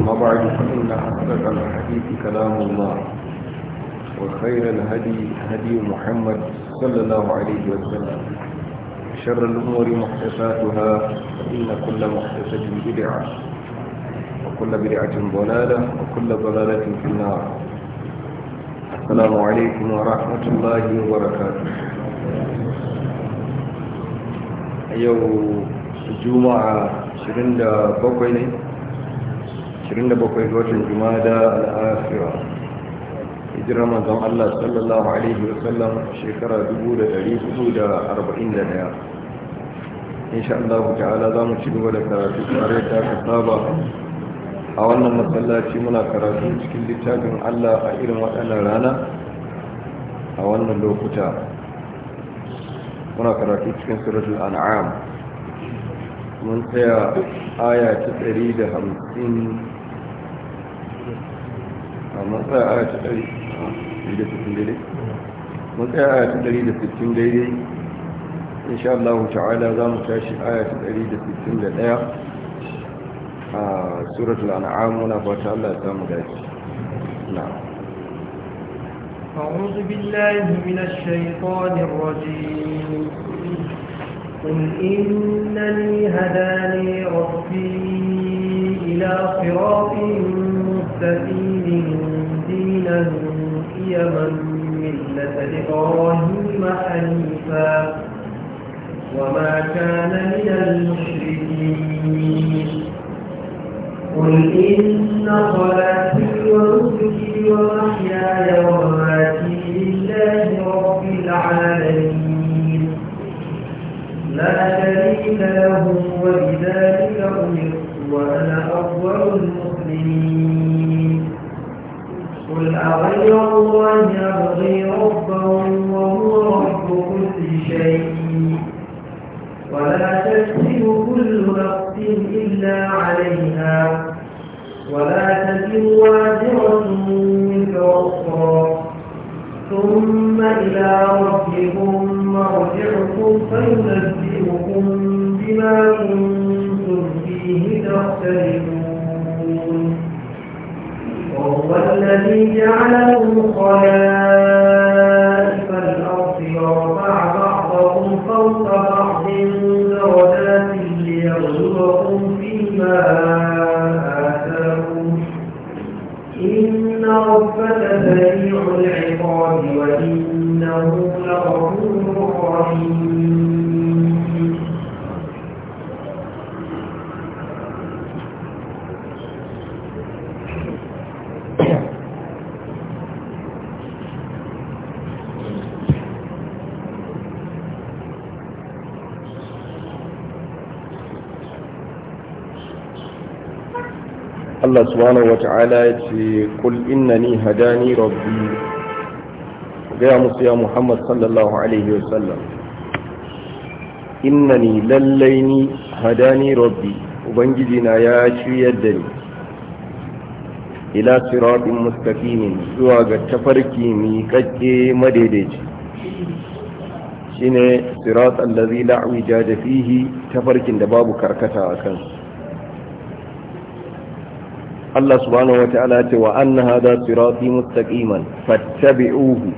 أما بعد فإن أصدق الحديث كلام الله وخير الهدي هدي محمد صلى الله عليه وسلم شر الأمور محدثاتها فإن كل محدثة بدعة وكل بدعة ضلالة وكل ضلالة في النار السلام عليكم ورحمة الله وبركاته أيوه الجمعة 27 ne 27 ga watan jumada al'afira hijirar manzon Allah sallallahu alaihi wasallam shekara 1441 insha Allah ta'ala za mu ci gaba da karatu tare da aka saba a wannan masallaci muna karatu cikin littafin Allah a irin waɗannan rana a wannan lokuta muna karatu cikin suratul an'am mun tsaya aya ta 150 ومتى آية الأريدة في التن ديلي إن شاء الله تعالى ظن تاشي آية الأريدة في التن ديلي سورة الأنعام ونفات الله تعالى مدعش نعم أعوذ بالله من الشيطان الرجيم قل إنني هداني ربي إلى صراط مستقيم دينا قيما ملة إبراهيم حنيفا وما كان من المشركين قل إن صلاتي ونسكي ومحياي ومماتي لله رب العالمين لا شريك له وبذلك أمرت وأنا أول أغير الله أبغي ربا وهو رب كل شيء ولا تكسب كل نفس إلا عليها ولا تزر وازرة وزر أخرى ثم إلى ربكم مرجعكم فينبئكم بما كنتم فيه تختلفون والذي جعلهم خلائف الأرض ورفع بعضهم فوق بعض درجات ليغلبهم فيما آتاهم إن ربك سريع العقاب وإنه لغفور Allah subhanahu wata'ala ya ce kul innani hadani rabbi gaya musu ya Muhammad sallallahu alaihi wasallam innani lallai ni hadani rabbi ubangiji na ya ciyar da ni ila siratin mustaqimin zuwa ga tafarki mi kakke madaidaici shine sirat allazi la da fihi tafarkin da babu karkata a kansa Allah subhanahu wa ta'ala ce wa anna hada sirati mustaqiman fattabi'uhu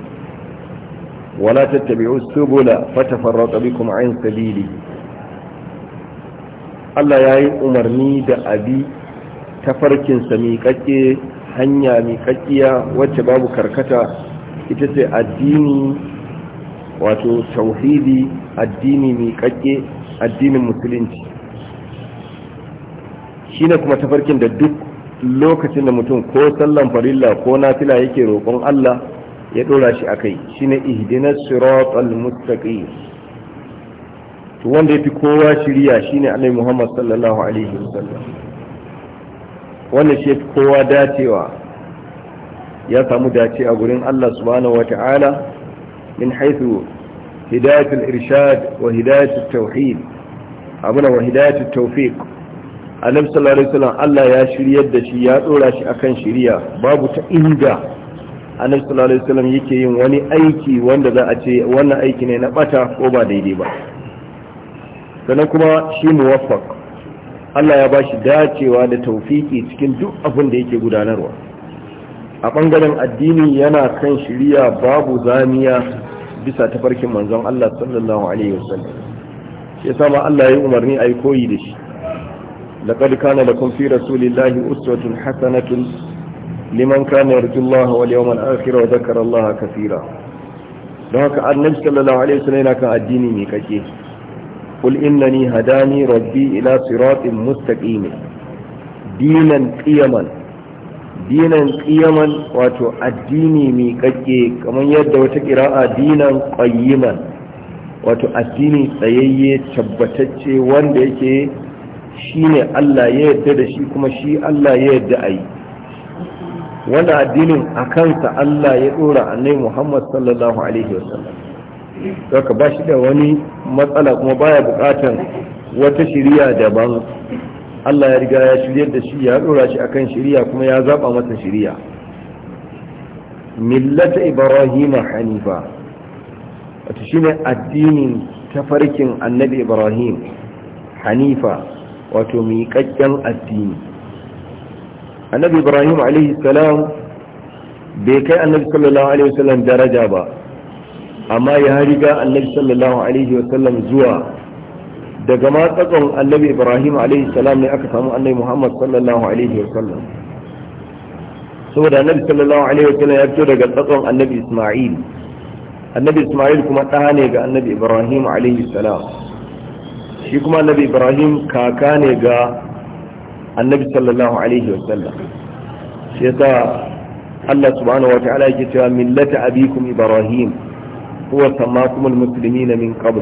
wa la tattabi'u subula fatafarraqu bikum an sabili Allah yayi umarni da abi tafarkin sa hanya miƙaƙiya wacce babu karkata ita ce addini wato tauhidi addini miƙaƙe addinin musulunci shine kuma tafarkin da duk lokacin da mutum ko sallan farilla ko nafila yake roƙon Allah ya ɗora shi a kai shi shine ihdinas siratal mustaqim to wanda yafi kowa shirya shine Annabi Muhammad sallallahu alaihi wasallam wannan shi kowa dacewa ya samu dace a gurin Allah subhanahu wata'ala min haythu hidayatul irshad wa hidayatul tauhid abuna wa hidayatul tawfiq annabi sallallahu alaihi wasallam Allah ya shiryar da shi ya dora shi akan shiriya babu ta inda annabi sallallahu alaihi wasallam yake yin wani aiki wanda za a ce wannan aiki ne na bata ko ba daidai ba sannan kuma shi muwaffaq Allah ya bashi dacewa da taufiki cikin duk abin da yake gudanarwa a bangaren addini yana kan shiriya babu zamiya bisa tafarkin manzon Allah sallallahu alaihi wasallam sai yasa ma Allah ya yi umarni ayi koyi da shi لقد كان لكم في رسول الله أسوة حسنة liman kana yarjullaha wal yawmal akhir wa dhakara Allah kaseera don haka annabi sallallahu alaihi wasallam yana kan addini mai kake qul hadani rabbi ila siratin mustaqim dinan dinan qiyaman wato addini mai kake kamar yadda wata qira'a dinan qayyiman wato addini tsayayye tabbatacce wanda yake shi ne Allah ya yarda da shi kuma shi Allah ya yarda a yi Wani addinin a kansa Allah ya ɗora annai Muhammad sallallahu alaihi wasallam saka ba shi da wani matsala kuma baya bukatan wata shiriya daban Allah ya riga ya shirya da shi ya dora shi akan shiriya kuma ya zaba masa shiriya millata ibrahima hanifa wato shine addinin tafarkin annabi ibrahim hanifa wato miƙaƙƙen addini annabi ibrahim alaihi salam bai kai annabi sallallahu alaihi wasallam daraja ba amma ya riga annabi sallallahu alaihi wasallam zuwa daga matsatson annabi ibrahim alaihi salam ne aka samu annabi muhammad sallallahu alaihi wasallam saboda annabi sallallahu alaihi wasallam ya fito daga tsatson annabi isma'il annabi isma'il kuma ɗa ne ga annabi ibrahim alaihi salam shi kuma annabi ibrahim kaka ne ga annabi sallallahu alaihi wasallam shi yasa Allah subhanahu wata'ala yake cewa millata abikum ibrahim huwa sammakum almuslimina min qabl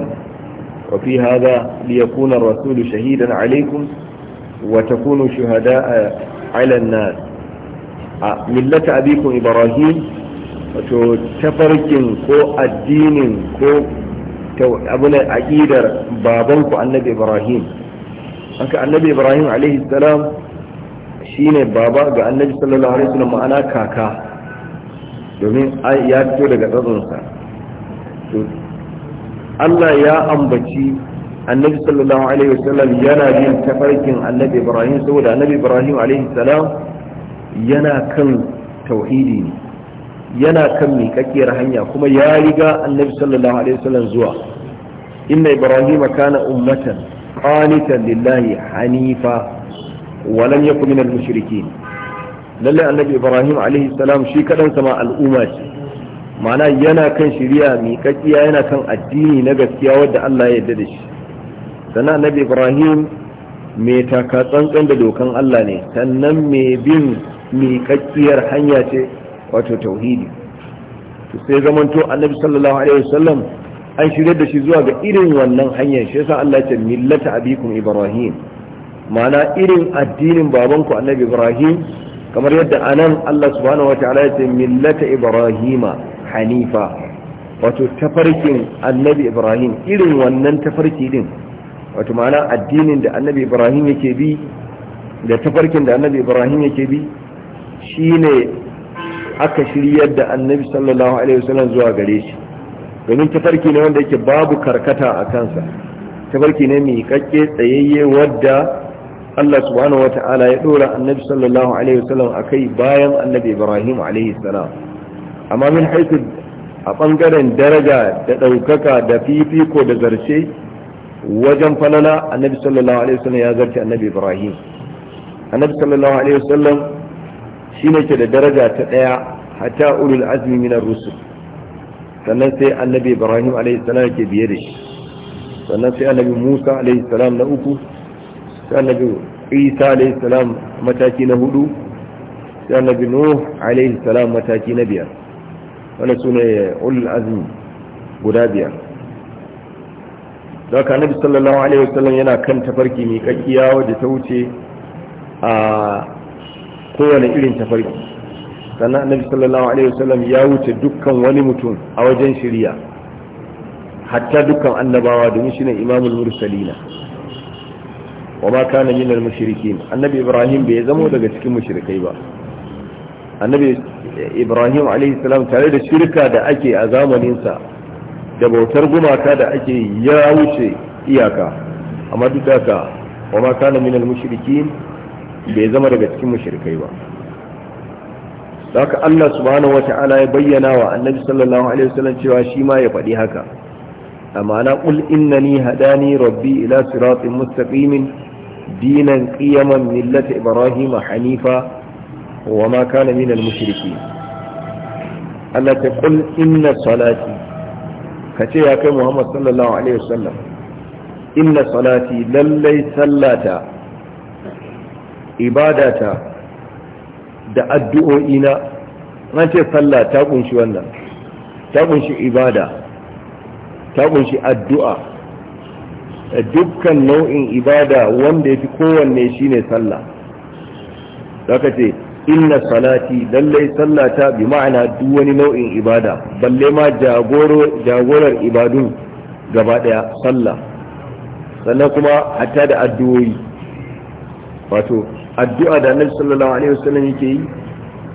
wa fi hadha liyakuna ar-rasul shahidan alaykum wa takunu shuhada'a 'ala an-nas millata abikum ibrahim wato tafarkin ko addinin ko abu abin aƙidar babanku annabi ibrahim haka annabi ibrahim alaihi salam shine baba ga annabi sallallahu alaihi wasallam ma'ana kaka domin ya fito daga tsatsansa Allah ya ambaci annabi sallallahu alaihi wasallam yana yin tafarkin annabi ibrahim saboda annabi ibrahim alaihi salam yana kan tauhidi ne yana kan miƙaƙƙiyar hanya kuma ya riga annabi sallallahu alaihi wasallam zuwa inna Ibrahim kana ummatan qanitan lillahi hanifa wa lam yakun minal mushrikeen lalle annabi ibrahim alaihi salam shi kadan sama al'umma ce ma'ana yana kan shari'a miƙaƙƙiya yana kan addini na gaskiya wanda Allah ya yarda da shi sannan annabi ibrahim mai taka tsantsan da dokan Allah ne sannan mai bin miƙaƙƙiyar hanya ce wato tauhidi to sai zamanto annabi sallallahu alaihi wasallam an shirye da shi zuwa ga irin wannan hanyar shi yasa Allah ce millata abikum ibrahim ma'ana irin addinin babanku annabi ibrahim kamar yadda anan Allah subhanahu wataala ya ce millata ibrahima hanifa wato tafarkin annabi ibrahim irin wannan tafarki din wato ma'ana addinin da annabi ibrahim yake bi da tafarkin da annabi ibrahim yake bi shine aka shiryar da annabi sallallahu alaihi wasallam zuwa gare shi domin tafarki ne wanda yake babu karkata a kansa tafarki ne mai kakke tsayayye wadda Allah subhanahu wata'ala ya dora annabi sallallahu alaihi wasallam akai bayan annabi Ibrahim alaihi salam amma min haiku a bangaren daraja da daukaka da fifiko da zarce wajen falala annabi sallallahu alaihi wasallam ya zarce annabi Ibrahim annabi sallallahu alaihi wasallam ne ke da daraja ta daya hatta ulul azmi min ar-rusul sannan sai annabi ibrahim alayhi salam ke biye da shi sannan sai annabi musa alayhi salam na uku sai annabi isa alayhi salam mataki na hudu sai annabi nuh alayhi salam mataki na biyar wannan sune ulul azmi guda biyar ka annabi sallallahu alaihi wasallam yana kan tafarki mai kakkiya wadda ta wuce a kowane irin ta tafarki sannan annabi sallallahu alaihi wasallam ya wuce dukkan wani mutum a wajen shirya hatta dukkan annabawa domin shine imamul mursalina wa ma kana minal mushrikin annabi ibrahim bai zamo daga cikin mushrikai ba annabi ibrahim alaihi salam tare da shirka da ake a zamaninsa da bautar gumaka da ake ya wuce iyaka amma duk da haka wa ma kana minal mushrikin bai zama daga cikin mushrikai ba haka Allah subhanahu wata'ala ya bayyana wa annabi sallallahu alaihi wasallam cewa shi ma ya faɗi haka amma na qul innani hadani rabbi ila siratin mustaqimin dinan qiyaman millati ibrahim hanifa wa ma kana minal mushriki Allah ta qul inna salati Ka ce ya kai Muhammad sallallahu alaihi wasallam inna salati lallai sallata ibadata da addu'o'ina an ce sallah ta kunshi wannan ta kunshi ibada ta kunshi addu'a dukkan nau'in ibada wanda ya fi kowanne shine sallah zaka ce inna salati lallai sallata bi ma'ana duk wani nau'in ibada balle ma jagorar ibadun gaba daya sallah sannan kuma hatta da addu'o'i wato addu'a da annabi sallallahu alaihi wasallam yake yi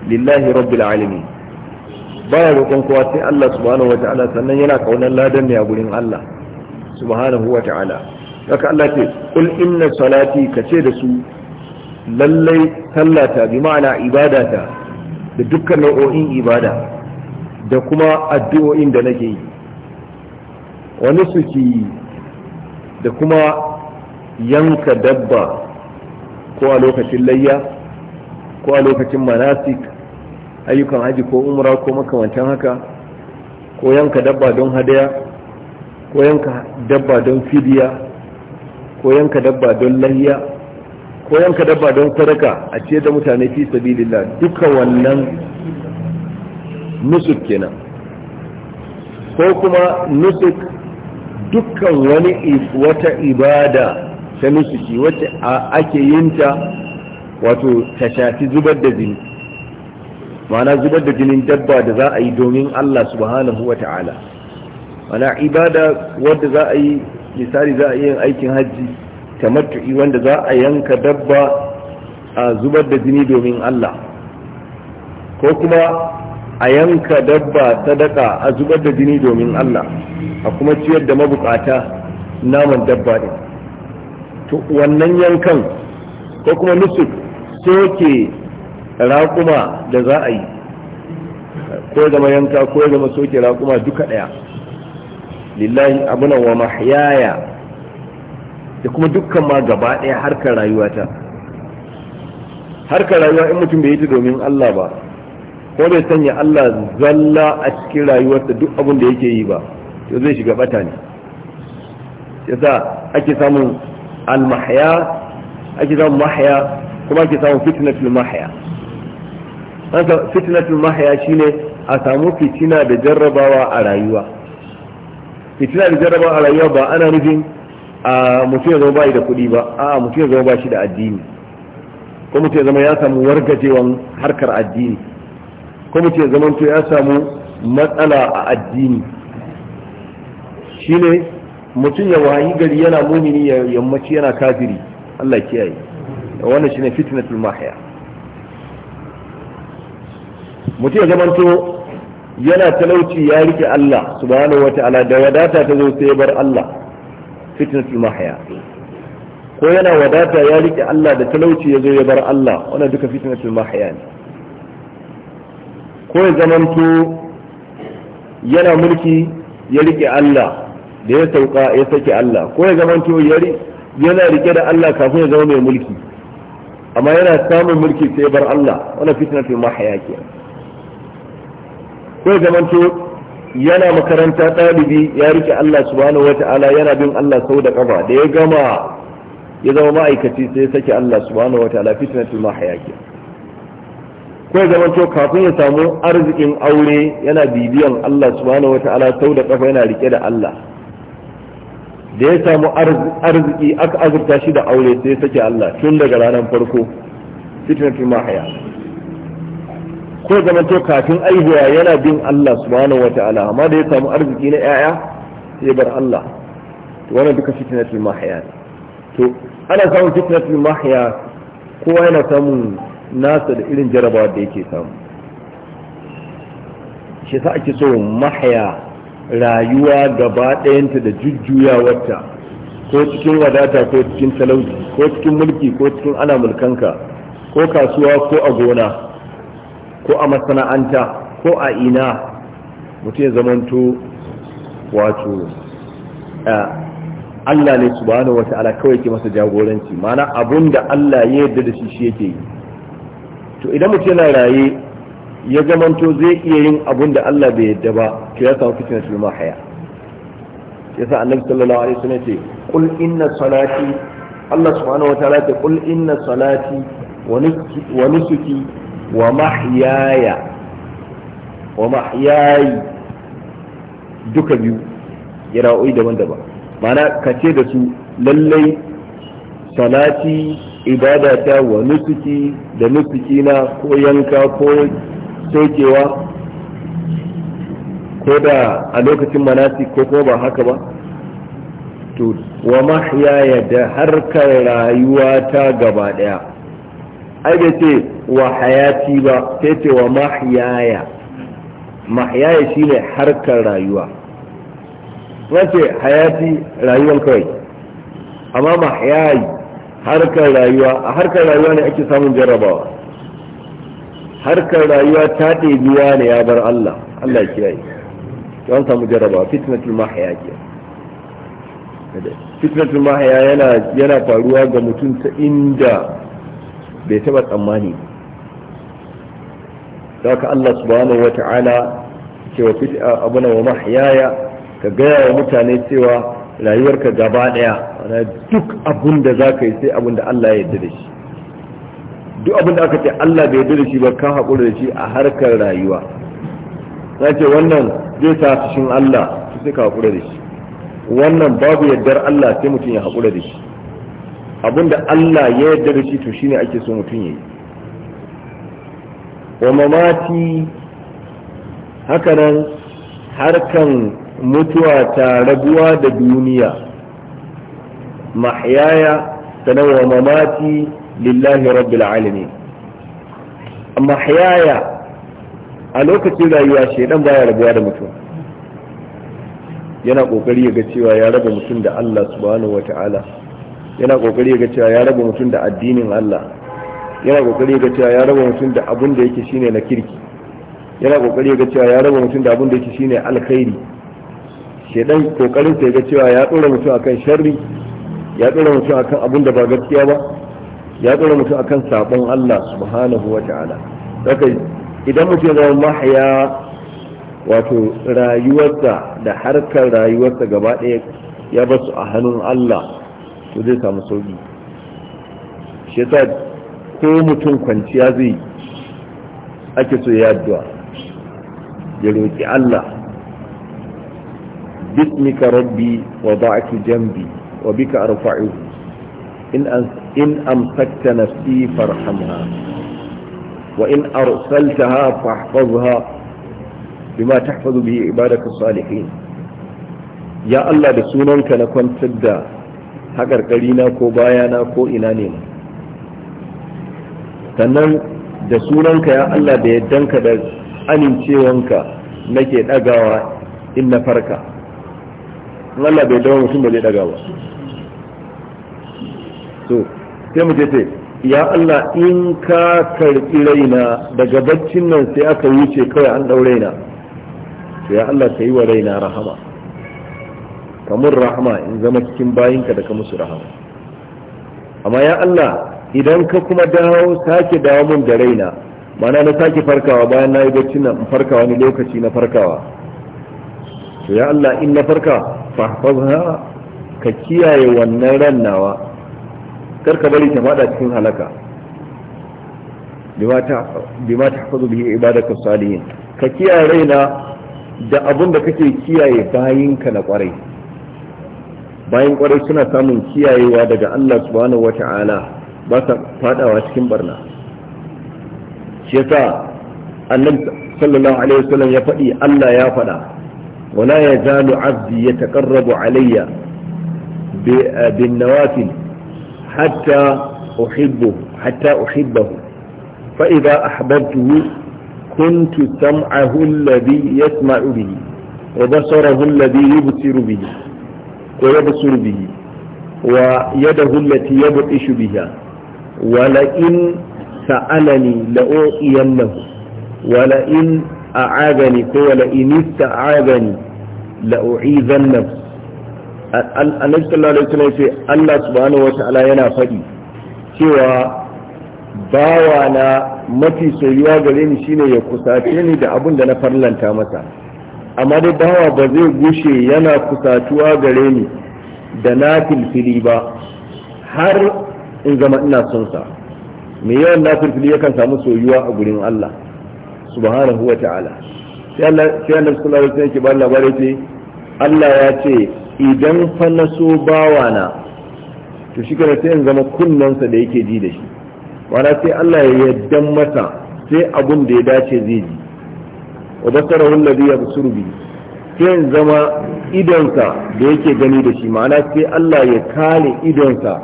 lillahi rabbil alamin baya roƙon kowa sai Allah subhanahu wa ta'ala sannan yana kaunar ladan ne a gurin Allah subhanahu wa ta'ala haka Allah ce kul inna salati kace da su lallai sallata bi ma'ana ibadata da dukkan nau'o'in ibada da kuma addu'o'in da nake yi wani suki da kuma yanka dabba ko a lokacin layya ko a lokacin manasik ayyukan haji ko umra ko makamantan haka ko yanka dabba don hadaya ko yanka dabba don fidiya ko yanka dabba don layya ko yanka dabba don sadaka a ce da mutane fi sabilillah duka wannan nusuk kenan ko kuma nusuk dukkan wani wata ibada ta nusuki wacce ake yin ta wato ta shafi zubar da jini ma'ana zubar da jinin dabba da za a yi domin Allah subhanahu wa ta'ala mana ibada wadda za a yi misali za a yi aikin hajji ta matu'i wanda za a yanka dabba a zubar da jini domin Allah ko kuma a yanka dabba sadaka a zubar da jini domin Allah a kuma ciyar da mabukata naman dabba din to wannan yankan ko kuma nusuk soke raƙuma da za a yi ko zama yanka ko zama soke raƙuma duka ɗaya lillahi abunan wa mahyaya da kuma dukkan ma gaba ɗaya harkar rayuwata harkar rayuwa in mutum bai yi ta domin Allah ba ko bai sanya Allah zalla a cikin rayuwarsa duk abin da yake yi ba to zai shiga bata ne yasa ake samun al-mahya ake samun mahya kuma ake samun fitnatul mahya haka fitnatul mahya shine a samu fitina da jarrabawa a rayuwa fitina da jarrabawa a rayuwa ba ana nufin a mutum ya zama bai da kuɗi ba a mutum ya zama ba shi da addini ko mutum ya zama ya samu wargajewan harkar addini ko mutum ya zama ya samu matsala a addini shine mutum ya wayi gari yana mumini ya yammaci yana kafiri Allah kiyaye wannan shine fitnatul mahya mutum ya zamanto yana talauci ya rike Allah subhanahu wata'ala da wadata ta zo sai bar Allah fitnatul mahya ko yana wadata ya rike Allah da talauci ya zo ya bar Allah wannan duka fitnatul mahya ne ko ya zamanto yana mulki ya rike Allah da ya sauka ya sake Allah ko ya zama to yari yana rike da Allah kafin ya zama mai mulki amma yana samun mulki sai bar Allah wala fitna fi mahaya ke ko ya zama to yana makaranta ɗalibi ya rike Allah subhanahu wata'ala yana bin Allah sau da kafa da ya gama ya zama ma'aikaci sai ya sake Allah subhanahu wata'ala fitna fi mahaya ke ko ya zama to kafin ya samu arzikin aure yana bibiyan Allah subhanahu wata'ala sau da kafa yana rike da Allah da ya samu arziki aka azurta shi da aure sai ya sake Allah tun daga ranar farko fitnatul mahaya ko zama to kafin aihuwa yana bin Allah subhanahu wataala amma da ya samu arziki na yaya sai bar Allah to wannan duka fitnatul mahaya to ana samun fitnatul mahaya kowa yana samun nasa da irin jarabawa da yake samu shi sa ake so mahaya rayuwa gaba ɗayanta da jujjuyawarta ko cikin wadata ko cikin talauci ko cikin mulki ko cikin ana mulkanka ko kasuwa ko a gona ko a masana'anta ko a ina mutum zamanto wato eh, Allah ne subhanahu wata'ala kawai ke masa jagoranci mana abun da Allah ya yarda da shi shi yake yi to idan mutum yana raye ya zamanto zai iya yin abin da Allah bai yadda ba to ya samu fitina su ma haya yasa annabi sallallahu alaihi wasallam ce kul inna salati Allah subhanahu wataala ce kul inna salati wa nusuki wa mahyaya wa mahyayi duka biyu kira'o'i daban-daban ma'ana mana kace da su lallai salati ibadata wa nusuki da nusuki na ko yanka ko sokewa ko da a lokacin manasi ko kuma ba haka ba to wa mahyaya da harkar rayuwa ta gaba daya ai da ce wa hayati ba sai ce wa mahyaya mahyaya shine harkar rayuwa wace hayati rayuwan kawai amma mahyayi harkar rayuwa a harkar rayuwa ne ake samun jarrabawa harkar rayuwa ta ɗebi ne ya bar Allah Allah ya kiyaye don samu jaraba fitnatul mahaya ke fitnatul mahaya yana yana faruwa ga mutum ta inda bai taba tsammani saka Allah subhanahu wa ta'ala cewa na wa mahayaya ka gaya wa mutane cewa rayuwarka gaba daya duk abun da za ka yi sai abun da Allah ya yarda da shi duk abin da aka ce Allah bai yarda da shi ba ka haƙura da shi a harkar rayuwa za ce wannan zai sa cikin Allah su sai ka haƙura da shi wannan babu yardar Allah sai mutum ya haƙura da shi abin da Allah ya yarda da shi to shine ake so mutum ya yi wa mamati hakanan harkan mutuwa ta rabuwa da duniya mahyaya sanarwa mamati lillahi rabbil alamin amma hayaya a lokacin rayuwa shedan baya rabuwa da mutum yana kokari ya ga cewa ya raba mutum da Allah subhanahu ta'ala yana kokari ya ga cewa ya raba mutum da addinin Allah yana kokari ya ga cewa ya raba mutum da abin da yake shine na kirki yana kokari ya ga cewa ya raba mutum da abin da yake shine alkhairi shedan kokarin sa ya ga cewa ya dora mutum akan sharri ya dora mutum akan abin da ba gaskiya ba ya dora mutum akan sabon Allah subhanahu wa ta'ala saka idan mutum zama mahaya wato rayuwarsa da harkar rayuwarsa gaba ɗaya ya basu a hannun Allah to zai samu sauki shi yasa ko mutum kwanciya zai ake so ya addu'a ya roki Allah bismika rabbi wa ba'atu jambi wa bika arfa'u in an in na nafsi farhamha wa in arsaltaha fahfazha bima tahfazu bihi ibadaka salihin ya Allah da sunanka na kwantar da hakarkari na ko bayana ko ina ne sannan da sunanka ya Allah da yaddanka da amincewanka nake dagawa in na farka Allah bai dawo mutum ba zai dagawa so sai mu ce ya Allah in ka karɓi raina daga baccin nan sai aka wuce kawai an ɗau raina to ya Allah ka yi wa raina rahama kamar rahama in zama cikin bayinka da ka musu rahama amma ya Allah idan ka kuma dawo sake dawo mun da raina mana na sake farkawa bayan na yi baccin nan farkawa ni lokaci na farkawa to ya Allah in na farka fahfazha ka kiyaye wannan rannawa kar ka bari ta fada cikin halaka bima ta hafazu bihi ibadaka salihin ka kiyaye raina da abun da kake kiyaye bayinka na kwarai bayan kwarai suna samun kiyayewa daga Allah subhanahu wata'ala ba ta fadawa cikin barna shi yasa annabi sallallahu alaihi wasallam ya faɗi Allah ya faɗa wala yazalu abdi yataqarrabu alayya bin nawafil حتى أحبه حتى أحبه فإذا أحببته كنت سمعه الذي يسمع به وبصره الذي يبصر به ويبصر به ويده التي يبطش بها ولئن سألني لأعطينه ولئن أعاذني ولئن استعاذني لأعيذنه annabi sallallahu alaihi wasallam ce Allah subhanahu ta'ala yana faɗi cewa bawa na mafi soyuwa gare ni shine ya kusace ni da abin da na farlanta masa amma dai bawa ba zai gushe yana kusatuwa gare ni da na filfili ba har in zama ina son sa mai yawan na filfili yakan samu soyuwa a gurin Allah subhanahu ta'ala sai Allah sai Allah sallallahu alaihi wasallam ke ba labarai ce Allah ya ce idan fa na so bawana to shi kana sai in zama kunnensa da yake ji da shi wala sai Allah ya yadda masa sai abun da ya dace zai ji wa ladi ya yabsuru bi sai in zama idonsa da yake gani da shi mana sai Allah ya kare idonsa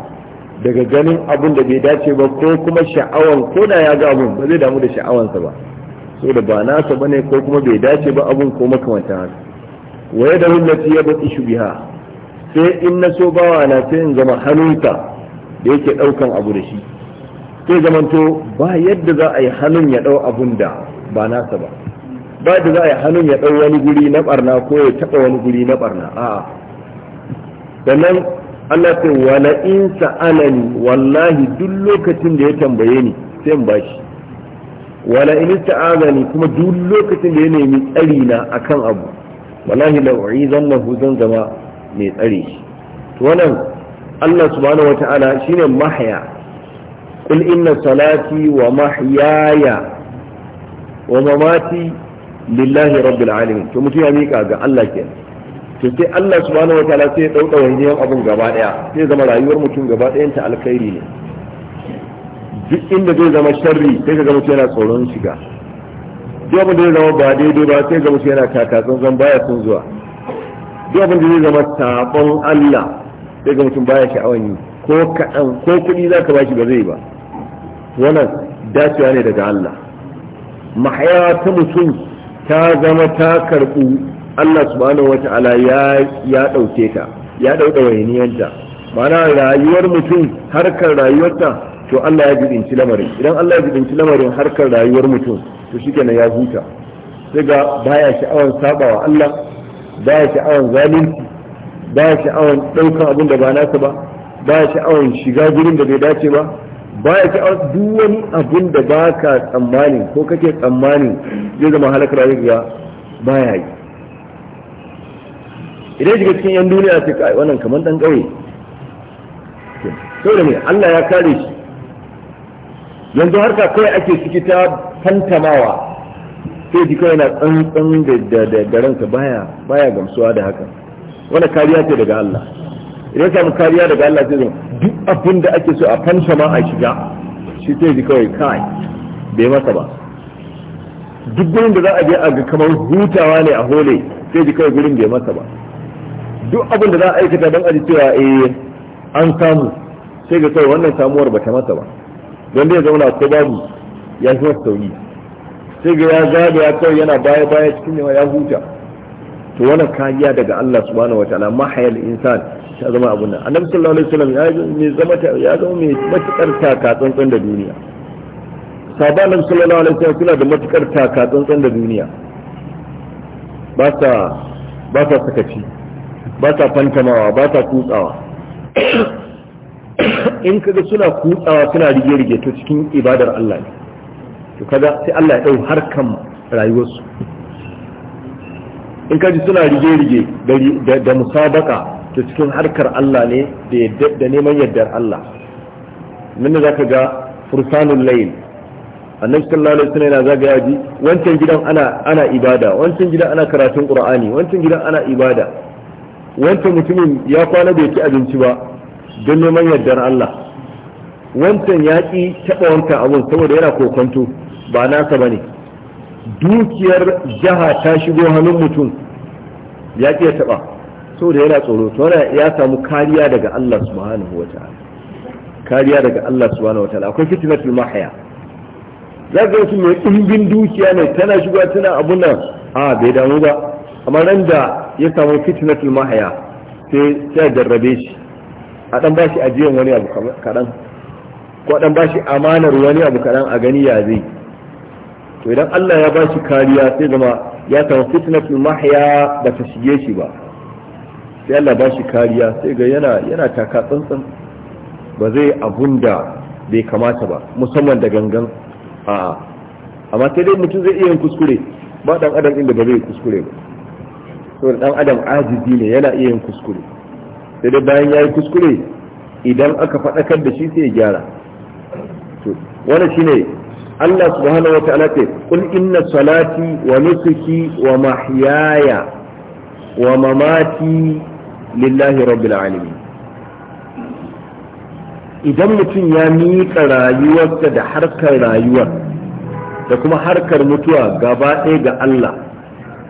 daga ganin abun da bai dace ba ko kuma sha'awan ko da ya ga abun ba zai damu da sha'awansa ba saboda ba nasa bane ko kuma bai dace ba abun ko makamantan haka wa da hullati ya baki shubiha sai in na so bawa na sai in zama hannunta da yake daukan abu da shi sai zamanto ba yadda za a yi hannun ya dau abun da ba nasa ba ba yadda za a yi hannun ya dau wani guri na barna ko ya taba wani guri na barna a'a sannan Allah ce wala in sa'alani wallahi duk lokacin da ya tambaye ni sai in bashi wala in ista'azani kuma duk lokacin da ya nemi tsari na akan abu wallahi la u'izannahu zan zama mai tsare shi wannan Allah subhanahu shine mahya qul inna salati wa mahyaya wa mamati lillahi rabbil alamin to mutum ya mika ga Allah ke to sai Allah subhanahu ta'ala sai ya dauka wahiyan abun gaba daya sai zama rayuwar mutum gaba dayan ta alkhairi ne duk inda zai zama sharri sai ka ga mutum yana tsoron shiga duk abin da zai zama ba daidai ba sai ga mutum yana taka tsantsan baya sun zuwa duk abin da zai zama sabon Allah sai ga mutum baya sha'awan yi ko kaɗan ko kuɗi za ka bashi ba zai ba wannan dacewa ne daga Allah mahaya mutum ta zama ta karɓu Allah subhanahu wa ta'ala ya ya ɗauke ta ya ɗauka wayaniyanta ma'ana rayuwar mutum harkar rayuwarta to Allah ya jibinci lamarin idan Allah ya jibinci lamarin harkar rayuwar mutum to shikenan ya huta sai ga baya sha'awar sabawa Allah baya sha'awar zalunci baya sha'awar daukan abin da ba nasa ba baya sha'awar shiga gurin da bai dace ba baya sha'awar duk wani abin da baka tsammani ko kake tsammani zai zama halakar rayuwa baya yi idan shiga cikin yan duniya sai kai wannan kamar dan kauye saboda me Allah ya kare shi yanzu har kai ake ciki ta fantamawa sai ji kawai na tsantsan da ranka baya baya gamsuwa da haka wani kariya ce daga Allah idan samu kariya daga Allah sai zama duk abin da ake so a fantama a shiga shi sai ji kawai kai bai masa ba duk gurin da za a je a ga kamar hutawa ne a hole sai ji kawai gurin bai masa ba duk abin da za a aikata don a ji cewa eh an samu sai ga kawai wannan samuwar ba ta masa ba don da ya zauna ko babu ya fi masa sauyi sai ga ya ya kawai yana baya baya cikin yawa ya huta to wannan kariya daga Allah subhanahu wa ta'ala mahayal insan ta zama abun nan annabi sallallahu alaihi wasallam ya zama ya zama mai matukar taka tsantsan da duniya sabon annabi sallallahu alaihi wasallam suna da matukar taka tsantsan da duniya ba sa ba sa sakaci ba sa fantamawa ba sa kutsawa in kaga suna kutsawa suna rige-rige to cikin ibadar Allah ne to kaga sai Allah ya ɗau harkan rayuwarsu in kaji suna rige-rige da musabaka to cikin harkar Allah ne da neman yardar Allah nan za ka ga fursanun layin annabi sallallahu alaihi wasallam yana zagaya yaji. wancan gidan ana ana ibada wancan gidan ana karatun qur'ani wancan gidan ana ibada wancan mutumin ya kwana bai ci abinci ba don neman yardar Allah wancan ya ƙi taɓa wankan abun saboda yana kokonto ba nasa ba ne dukiyar jiha ta shigo hannun mutum ya ƙi ya taɓa saboda yana tsoro to ya samu kariya daga Allah subhanahu wa ta'ala kariya daga Allah subhanahu wa ta'ala akwai fitnatul mahaya za ga mutum mai ɗimbin dukiya ne tana shigowa tana abun nan a bai damu ba amma nan da ya samu fitnatul mahaya sai sai jarrabe shi a dan bashi ajiyan wani abu kaɗan ko dan bashi amanar wani abu kaɗan a gani ya zai to idan Allah ya bashi kariya sai zama ya samu fitnatul mahya ba ta shige shi ba sai Allah bashi kariya sai ga yana yana taka tsantsan ba zai abun da bai kamata ba musamman da gangan a amma sai dai mutum zai iya yin kuskure ba dan adam inda ba zai kuskure ba to dan adam ajizi ne yana iya yin kuskure sai dai bayan ya yi kuskure idan aka faɗakar da shi sai ya gyara wannan shine Allah subhanahu wataala ce kul inna salati wa nusuki wa mahyaya wa mamati lillahi rabbil alamin idan mutum ya miƙa rayuwarsa da harkar rayuwar da kuma harkar mutuwa gaba ɗaya ga Allah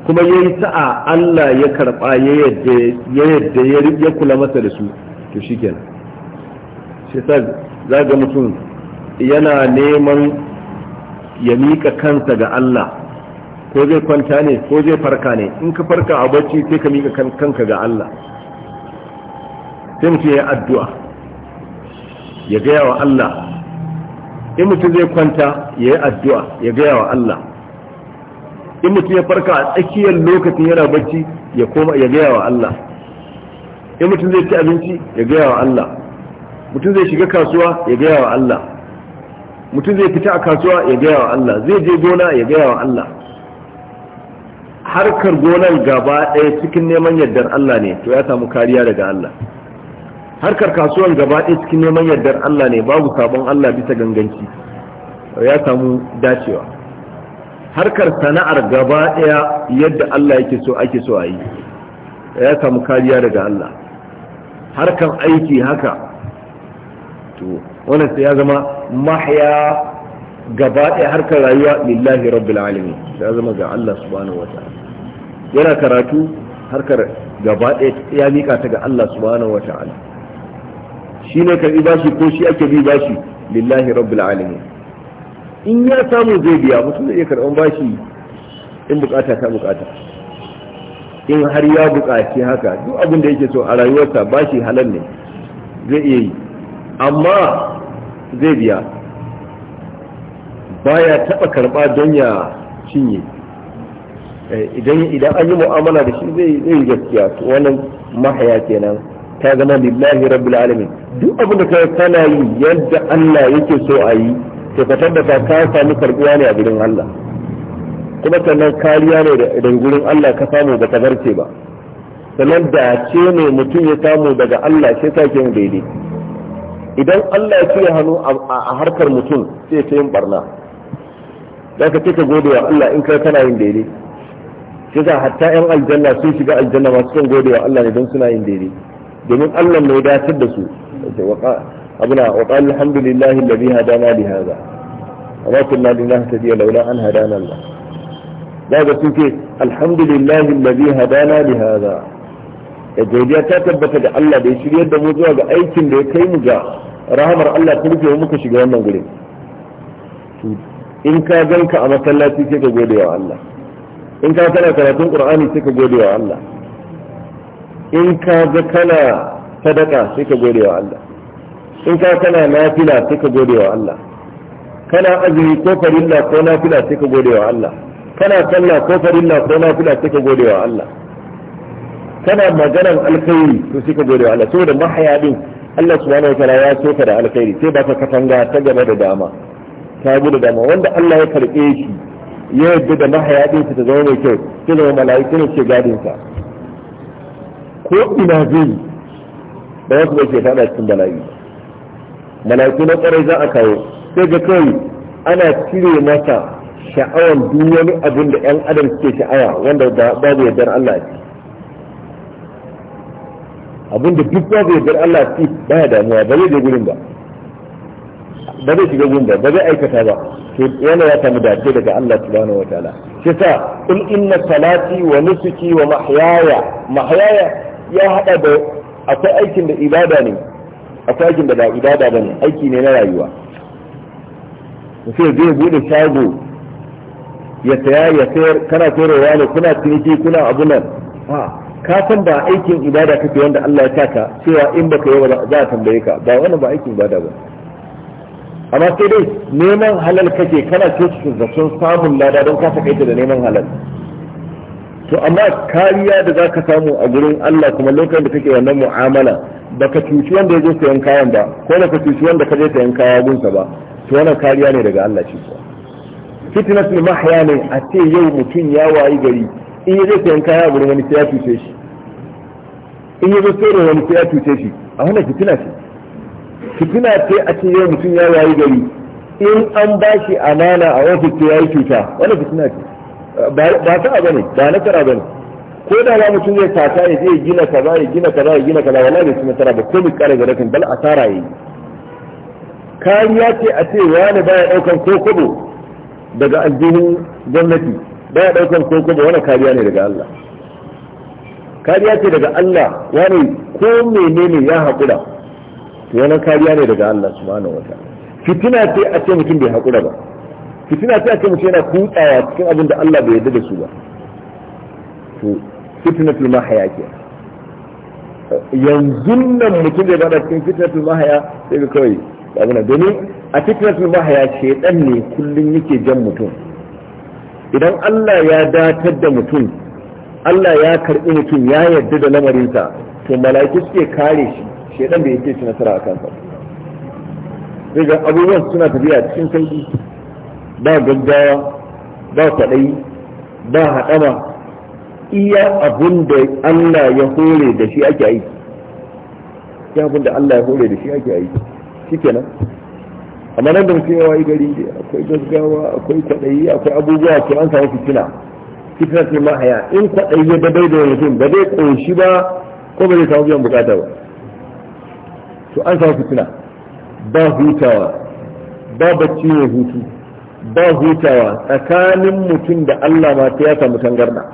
kuma yayi ta'a Allah ya karba ya yadda ya yadda ya kula masa da su to shikenan shi za zaga mutum yana neman ya mika kansa ga Allah ko zai kwanta ne ko zai farka ne in ka farka a bacci sai ka mika kanka ga Allah sai mutum ya addu'a ya gaya wa Allah in mutum zai kwanta ya yi addu'a ya gaya wa Allah in mutum ya farka a tsakiyar lokacin yana bacci ya koma ya gaya wa Allah in mutum zai ci abinci ya gaya wa Allah mutum zai shiga kasuwa ya gaya wa Allah mutum zai fita a kasuwa ya gaya wa Allah zai je gona ya gaya wa Allah harkar gonar gaba ɗaya cikin neman yardar Allah ne to ya samu kariya daga Allah harkar kasuwar gaba ɗaya cikin neman yardar Allah ne babu sabon Allah bisa ganganci ya samu dacewa harkar sana'ar gaba ɗaya yadda Allah yake so ake so a yi ya samu kariya daga Allah harkar aiki haka to wannan sai ya zama mahya gaba ɗaya harkar rayuwa lillahi rabbil alamin sai ya zama ga Allah subhanahu wataala yana karatu harkar gaba ɗaya ya mika ta ga Allah subhanahu wataala shine ka bi bashi ko shi ake bi bashi lillahi rabbil alamin in ya samu zai biya mutum zai iya karɓan bashi in bukata ta bukata in har ya bukaci haka duk abin da yake so a rayuwarsa bashi halal ne zai iya yi amma zai biya baya taɓa karɓa don ya cinye eh, idan an yi mu'amala da shi zai yi gaskiya to wannan mahaya kenan ta zama lillahi rabbil alamin duk abin da kana yi yadda Allah yake so a yi ke ka tabbata ka sami karbuwa ne a gurin Allah kuma sannan kariya ne da gurin Allah ka samu ba barce ba sannan da ce ne mutum ya samu daga Allah shi sa yin daidai idan Allah ya cire hannu a harkar mutum sai ta yin barna za ka kika gode wa Allah in kai kana yin daidai shi sa hatta yan aljanna sun shiga aljanna masu kan gode wa Allah ne don suna yin daidai domin Allah mai dace da su أبنا وقال الحمد لله الذي هدانا لهذا وما كنا لنهتدي لولا أن هدانا الله لا بسيك الحمد لله الذي هدانا لهذا يجريا تتبت ga Allah da ya shirye da mu zuwa ga aikin da ya kai mu ga rahamar Allah ta rufe muka shiga wannan gurin in ka ganka a masallaci sai ka gode wa Allah in ka kana karatun Qur'ani sai ka Allah in ka sadaka sai ka Allah in ka kana nafila sai ka gode wa Allah kana azumi ko farilla ko nafila sai ka gode wa Allah kana sallah ko farilla ko nafila sai ka gode wa Allah kana maganar alkhairi to sai ka gode wa Allah saboda mahaya din Allah subhanahu wataala ya so ka da alkhairi sai baka katanga ta gaba da dama ta gudu dama wanda Allah ya karbe shi ya yadda da mahaya din ta zama mai kyau sai zama mala'iku ne ce gadin sa ko ina zai ba wasu ba ke fada cikin bala'i mala'iku na kwarai za a kawo sai ga kai ana cire mata sha'awar duk wani abin da yan adam suke sha'awa wanda babu yardar Allah ce abin da duk babu yardar Allah ce ba ya damuwa ba zai je gurin ba ba zai shiga gurin ba ba zai aikata ba to yana ya samu dace daga Allah subhanahu wa ta'ala shi sa in inna salati wa nusuki wa mahyaya mahyaya ya hada da akwai aikin da ibada ne akwai aikin da ba ibada ba aiki ne na rayuwa sai zai bude shago ya saya ya sayar kana sayarwa ne kuna ciniki kuna abu nan ka san ba aikin ibada kake wanda Allah ya taka cewa in baka yi ba za a tambaye ka ba wannan ba aikin ibada ba amma sai dai neman halal kake kana cikin zaton samun lada don ka sakaita da neman halal to amma kariya da za ka samu a gurin Allah kuma lokacin da kake wannan mu'amala ba ka cuci wanda ya zo sayan kayan ba ko da ka cuci wanda ka je sayan kaya gunsa ba to wannan kariya ne daga Allah ce kuwa fitnatul mahya ne a ce yau mutum ya wayi gari in ya zo sayan kaya gurin wani sai ya cuce shi in ya zo sayan wani sai ya cuce shi a wannan fitina ce fitina ce a ce yau mutum ya wayi gari in an ba shi amana a ofis sai ya yi cuta wannan fitina ce ba ta bane ba na ba bane ko da ba mutum ya tata ya je gina ba ya gina ba ya gina kaza wala bai suna tara ba ko mai kare bal a bal asara yi. kariya ce a ce wani ya daukan kokobo daga aljihun gwamnati ya daukan kokobo wani kariya ne daga Allah kariya ce daga Allah wani ko menene ya haƙura to wani kariya ne daga Allah subhanahu wata? fitina ce a ce mutum bai haƙura ba fitina ta kai mutum yana kutsawa cikin abin da Allah bai yarda da su ba to fitnatul mahaya ke yanzu nan mutum da bada cikin fitnatul mahaya sai ga kawai abin da domin a fitnatul mahaya dan ne kullun yake jan mutum idan Allah ya datar da mutum Allah ya karbi mutum ya yarda da lamarinsa to mala'iku suke kare shi shedan bai yake shi nasara a kansa sai ga abubuwan suna tafiya cikin sauki ba gaggawa ba kwaɗayi ba haɗama iya abin da Allah ya hore da shi ake yi iya abin da Allah ya hore da shi ake aiki shikenan amma nan da mutum yawa gari akwai gaggawa akwai kwaɗayi akwai abubuwa to an samu fitina fitina ce ma haya in kwaɗayi ya dabai da mutum ba zai ƙunshi ba ko ba zai samu biyan bukata ba to an samu fitina ba hutawa ba bacci ne hutu ba hutawa tsakanin mutum da Allah ma ta ya samu tangarda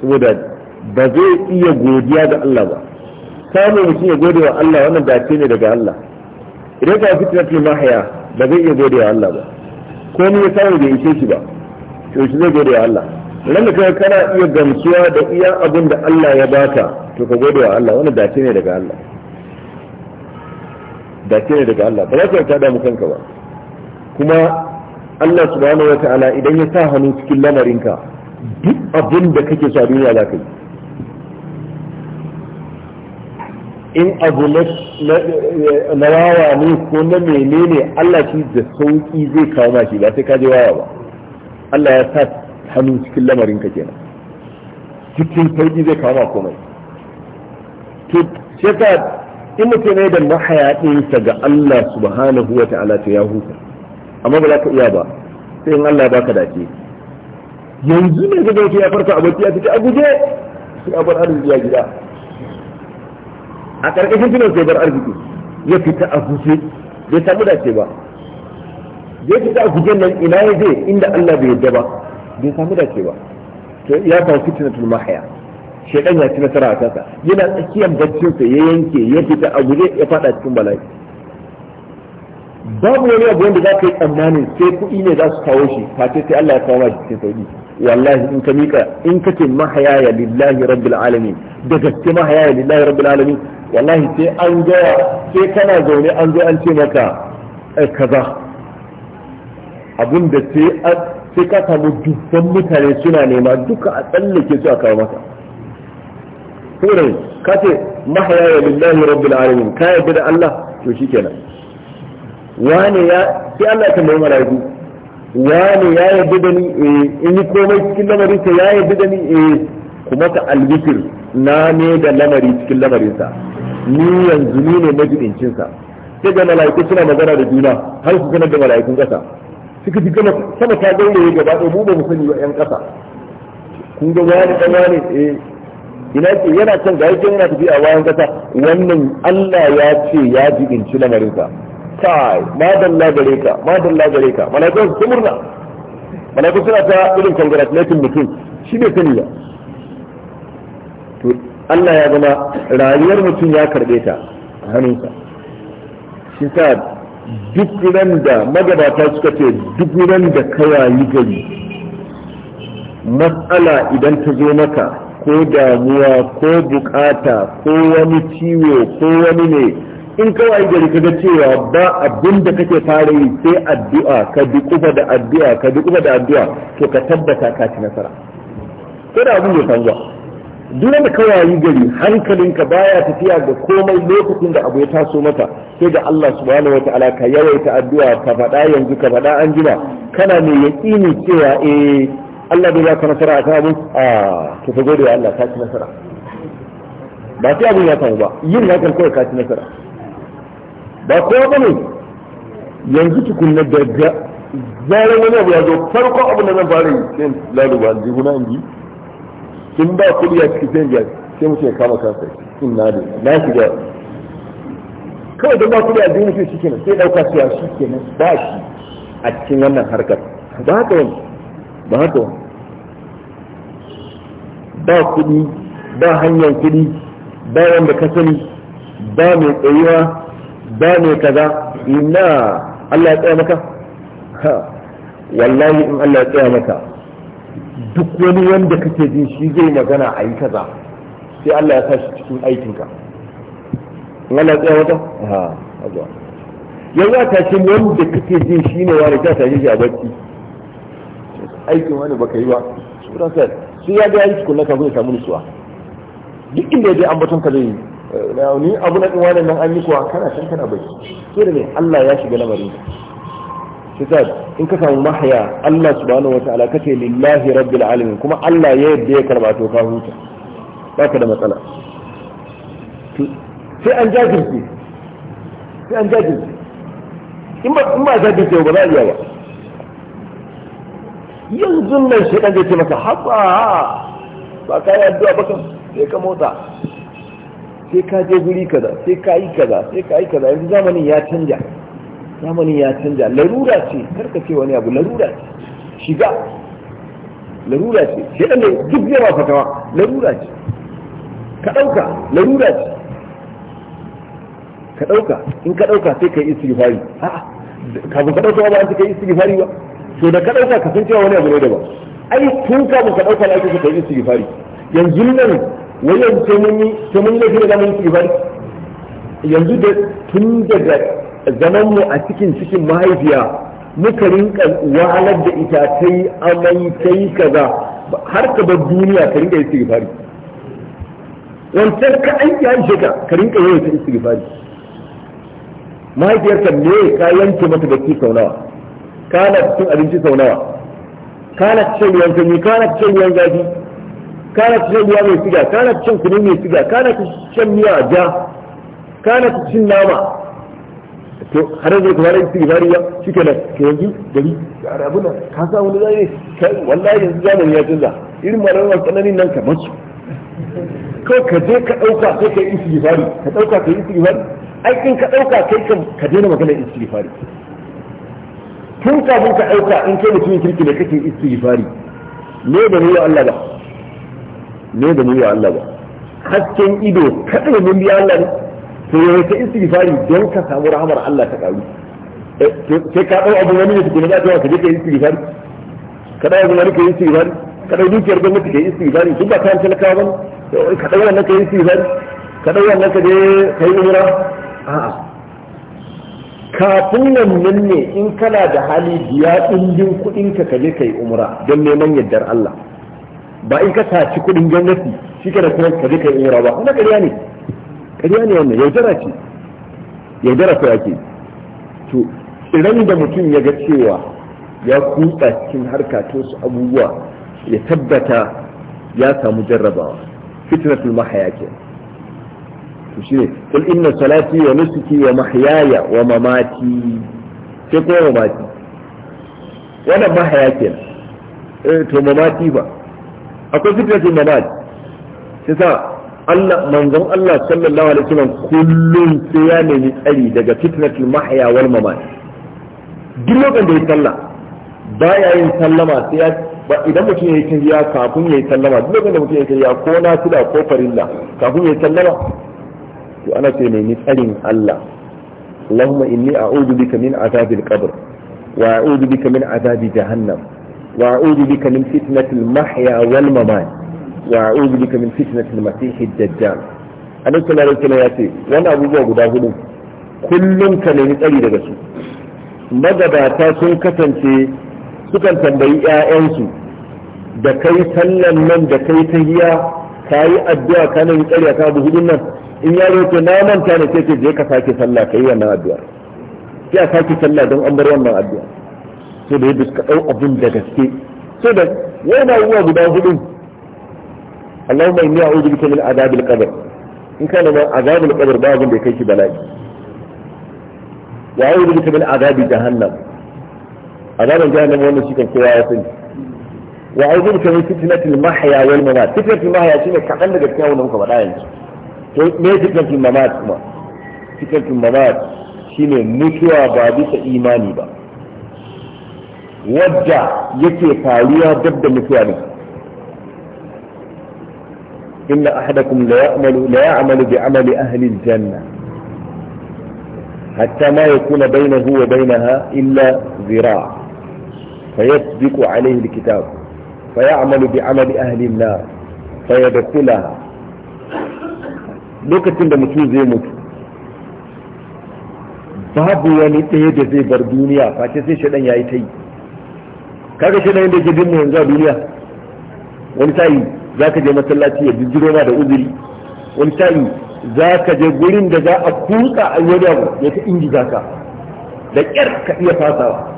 saboda ba zai iya godiya ga Allah ba samun mutum ya gode wa Allah wannan dace ne daga Allah idan ka fitina fi mahaya ba zai iya gode wa Allah ba ko ne ya samu bai ishe shi ba to shi zai gode wa Allah idan ka kana iya gamsuwa da iya abin da Allah ya baka to ka gode wa Allah wannan dace ne daga Allah dace ne daga Allah ba za ka ta damu kanka ba kuma Allah subhanahu wa ta'ala idan ya sa hannu cikin lamarinka duk abin da kake so a duniya za ka yi in abu na wawa ne ko na menene Allah shi da sauki zai kawo ma shi ba sai ka je wawa ba Allah ya sa hannu cikin lamarinka kenan cikin sauki zai kawo ma komai to shi in mutum ne da ɗinsa ga Allah subhanahu wa ta'ala ta ya huta amma ba za ka iya ba sai in Allah ya baka dace yanzu ne ga dauke ya farka abinci ya fita a guje sai a bar arziki ya gida a karkashin tunan sai bar arziki ya fita a guje bai samu dace ba zai fita a guje nan ina ya je inda Allah bai yadda ba bai samu dace ba to ya kawo tul mahya shedan ya ci nasara a kansa yana tsakiyar baccinsa ya yanke ya fita a guje ya fada cikin bala'i babu wani abu wanda za ka yi tsammanin sai kuɗi ne za su kawo shi face sai Allah ya kawo ma cikin sauki wallahi in ka mika in ka ce mahayaya lillahi rabbil alamin da gaske mahayaya lillahi rabbil alamin wallahi sai an ga sai kana zaune an zo an ce maka kaza abin da sai ka samu dubban mutane suna nema duka a tsallake su a kawo maka saboda ka ce mahayaya lillahi rabbil alamin ka yarda da Allah to shikenan wane ya sai Allah ya tambayi malaiku wane ya yarda da ni eh in yi komai cikin lamarin sa ya yarda da ni eh kuma ka albikir na ne da lamari cikin lamarinsa ni yanzu ni ne majidincin sa sai ga malaiku suna magana da juna har su sanar da malaikun kasa suka ji gama sama ta gauraye gaba ɗaya mu ba mu sani ba yan kasa kun ga wani dan wani eh ina ce yana can ga yake yana tafiya bayan kasa wannan Allah ya ce ya jibinci lamarinsa kai ma dalla gare ka ma dalla gare ka malaikun su murna malaikun suna ta irin congratulating mutum shi bai sani ba to Allah ya zama rayuwar mutum ya karbe ta a hannunsa shi sa duk ran da magabata suka ce duk ran da ka yi gari matsala idan ta zo maka ko damuwa ko bukata ko wani ciwo ko wani ne in kawai gari kaga cewa ba abin da kake fara yi sai addu'a ka bi kufa da addu'a ka bi kufa da addu'a to ka tabbata ka ci nasara ko da abin da ba duk da kawai gari hankalinka baya tafiya ga komai lokacin da abu ya taso mata sai ga Allah subhanahu wataala ka yawaita addu'a ka faɗa yanzu ka faɗa an jima kana mai yaqini cewa eh Allah bai baka nasara akan abin a ah, to ka gode wa Allah ka ci nasara ba sai abin ya samu ba yin hakan kawai ka ci nasara ba kowa ba ne yanzu tukunna daga zarar wani abu ya zo farko abu na zan fara yi sai laluba ji in bi Kin ba kuɗi a cikin sai biyar sai mutum ya kama kansa in na da na shiga kawai don ba kuɗi a jihun shi kenan sai ɗauka a shi nan ba shi a cikin wannan harkar ba haka wani ba haka wani ba kuɗi ba hanyar kuɗi ba wanda ka sani ba mai tsayuwa ba ne kaza ina Allah ya tsaya maka wallahi in Allah ya tsaya maka duk wani wanda kake jin shi zai magana a yi kaza sai Allah ya sa cikin aikinka in Allah ya tsaya maka ha yanzu a tashi wanda kake jin shi ne wani ta tashi shi a barci aikin wani baka yi ba su ya ga yanki kula ka zai samu nutsuwa duk inda ya je ambaton ka zai yi Eh, ni abu na ɗinwa nan an yi kuwa kana can kana baki so da ne Allah ya shiga lamarin ka sai in ka samu mahaya Allah subhanahu wataala kace lillahi rabbil alamin kuma Allah ya yarda ya karba to ka huta Ba ka da matsala sai an jajirce sai an jajirce in ba in ba jajirce ba za a iya ba yanzu nan shi ɗan zai ce maka haɓa. ba ka yi addu'a ba kan sai ka motsa sai ka je guri kaza sai ka yi kaza sai ka yi kaza yanzu zamanin ya canja zamanin ya canja larura ce karka ce wani abu larura ce shiga larura ce shi ne duk zai ba fatawa larura ce ka ɗauka larura ce ka ɗauka in ka ɗauka sai ka yi istighfari a'a kafin ka ɗauka ba an ka yi istighfari ba to da ka ɗauka ka san cewa wani abu ne daban ai tun kafin ka ɗauka na ka yi istighfari yanzu nan wai yanzu mun yi mun da yi yanzu da tun daga zaman mu a cikin cikin mahaifiya muka rinka wahalar da ita ta yi amai ta yi kaza har ka bar duniya ka rinka yi istighfari wancan ka aiki an shaka ka rinka yi ta istighfari mahaifiyarka ne ka yanke mata bacci saunawa? ka na cin abinci saunawa? ka na cin ruwan sanyi kana cin ruwan zafi kana shan ruwa mai siga kana shan kunu mai siga kana shan miya ja kana cin nama to har yanzu ka fara istighfari ba shike nan to yanzu gari abuna ka sa wani zai ne wallahi yanzu zamani ya canza irin malaman tsananin nan kamar su ko ka je ka dauka sai ka yi istighfari ka dauka kai yi istighfari ai in ka dauka kai kan ka daina maganar istighfari tun kafin ka dauka in kai mutumin kirki ne kake istighfari ne ba ne Allah ba ne da mun yi Allah ba hasken ido kadai mun biya Allah ne to ya ta istighfari don ka samu rahmar Allah ta karu eh, sai ka dau abu wani ne kike da ta ka je ka yi istighfari ka dau abu wani ka yi istighfari ka dau dukiyar gwamnati ka yi istighfari duk ba eh, ka talaka ba ka dau wannan ka istighfari ka dau wannan ka je ka yi a a'a kafin nan ne in kana da hali biya ɗin kuɗinka ka kaje kai umra don neman yardar Allah ba in ka taci kuɗin gwamnati shi ka da kuma ka je ka yi ba wannan ƙarya ne ƙarya ne wannan yaudara ce yaudara ko ake to idan da mutum ya ga cewa ya kutsa cikin harka ta wasu abubuwa ya tabbata ya samu jarrabawa fitnatul mahaya ke to shine kul inna salati wa nusuki wa mahyaya wa mamati sai ko mamati wannan mahaya ke eh, to mamati ba akwai fitratul manaj sai sa Allah manzon Allah sallallahu alaihi wasallam kullum sai ya nemi tsari daga fitnatul mahya wal mamat duk lokacin da ya sallah baya yin sallama sai ya ba idan mutum ya yi tahiya kafin ya yi sallama duk lokacin da mutum ya yi tahiya ko nafila ko farilla kafin ya yi sallama to ana ce ni tsarin Allah Allahumma inni a'udhu bika min azabil qabr wa a'udhu bika min azabi jahannam وأعوذ بك من فتنة المحيا والممات وأعوذ بك من فتنة المسيح الدجال annabi sallallahu alaihi wasallam wani abubuwa guda hudu kullum ka nemi tsari daga su magabata sun kasance sukan tambayi ƴaƴansu da kai sallan nan da kai tahiya kayi addu'a ka nemi tsari ka abu hudun nan in yaro ce na manta ne sai ce je ka sake sallah addu'a a sake sallah don an bar wannan addu'a sai da yadda suka ɗau abin da gaske sai da yana ruwa guda hudu Allahumma inni a'udhu bika min adabil qabr in kana ma azabul qabr ba abin da kai shi bala'i wa a'udhu bika min adabi jahannam azaban jahannam wannan shi kan kowa ya sani wa a'udhu bika min fitnatil mahya wal mamat fitnatil mahya shine kadan daga cikin wannan kuma bada yanzu to me fitnatil mamat kuma fitnatil mamat shine mutuwa ba bisa imani ba wadda yake faruwa dab da mutuwa ne inna ahadakum la ya'malu la ya'malu bi amali ahli al-janna hatta ma yakuna bainahu wa bainaha illa zira' فيسبق عليه الكتاب فيعمل بعمل أهل النار فيدخلها lokacin da mutum zai mutu babu wani ɗaya da zai bar duniya face sai shaɗan ya yi ta yi kaga shi da yadda ke binne yanzu a duniya wani tayi za ka je masallaci ya jijjiro ma da uzuri wani tayi za ka je gurin da za a kutsa a wani ya ta ingiza ka da kyar ka iya fasawa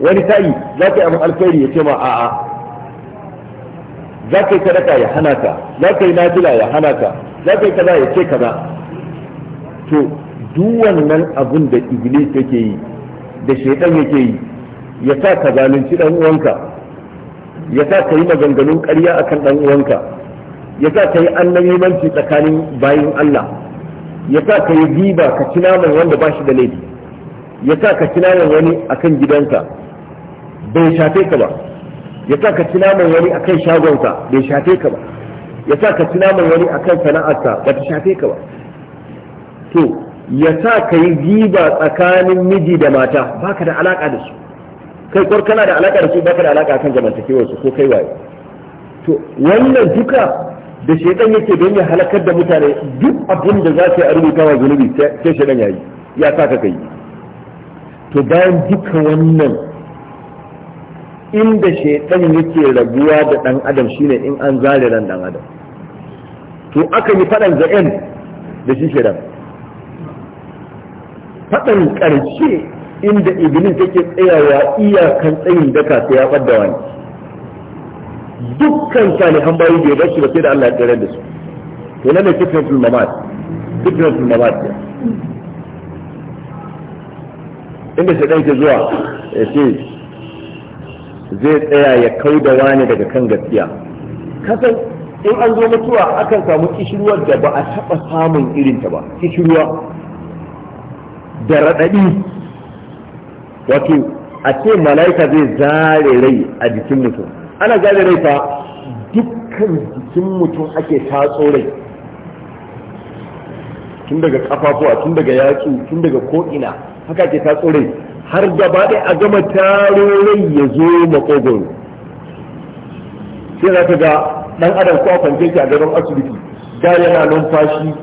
wani tayi za ka yi abin alkhairi ya ce ma a'a za ka yi sadaka ya hana ka za ka yi nafila ya hana ka za ka yi kaza ya ce kaza to duk wannan abun da iblis yake yi da shaitan yake yi ya sa ka zalunci dan uwanka ya sa ka yi maganganun ƙarya a kan ɗan uwanka ya sa ka yi annabimanci tsakanin bayin Allah ya sa ka yi giba ka ci naman wanda ba shi da laifi ya sa ka ci naman wani kan gidanka bai shafe ka ba ya sa ka ci naman wani kan shagonka bai shafe ka ba ya sa ka ci naman wani kan sana'arka ba ta shafe ka ba to ya sa ka yi giba tsakanin miji da mata baka da alaka da su kai kwar kana da alaka da su baka da alaka kan zamantakewar su ko kai waye to wannan duka da shedan yake don ya halakar da mutane duk abin da za su yi a rubuta wa zunubi sai ya yayi ya sa ka kai to bayan duka wannan inda shedan yake rabuwa da ɗan adam shine in an zare ran dan adam to aka yi faɗan za'en da shi shedan fadan karshe inda iblis take tsayawa iyakan tsayin daka sai ya fadda wani dukkan salihan bayi bai bar shi ba sai da Allah ya tsare da su to nan ne fitnatul mamat fitnatul mamat inda sai ke zuwa ya ce zai tsaya ya kau da wani daga kan gaskiya kasan in an zo mutuwa akan samu kishirwar da ba a taɓa samun irin ta ba kishirwa da raɗaɗi wato a ce mala'ika zai zare rai a jikin mutum ana zare rai fa dukkan jikin mutum ake tatso rai tun daga kafafuwa tun daga yaki tun daga ko'ina haka ake tatso rai har gaba ɗaya a gama taro rai ya zo makogoro sai za ta ga ɗan adam ko a kwance a gaban asibiti da yana numfashi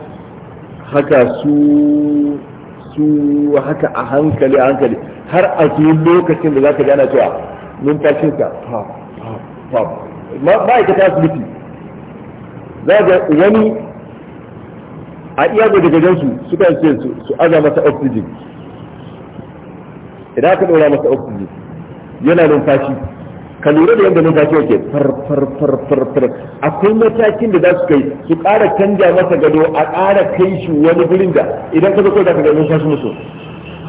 haka su su haka a hankali a hankali har a su lokacin da za ka gana cewa numfashinka ma'aikata asibiti za ga wani a iya daga su suka ce su aza masa oxygen idan aka ɗora masa oxygen yana numfashi ka lura da yadda mataki yake farfarfarfar akwai matakin da za su kai su ƙara canja masa gado a ƙara kai shi wani gurin da idan ka zo da ka gani shasu musu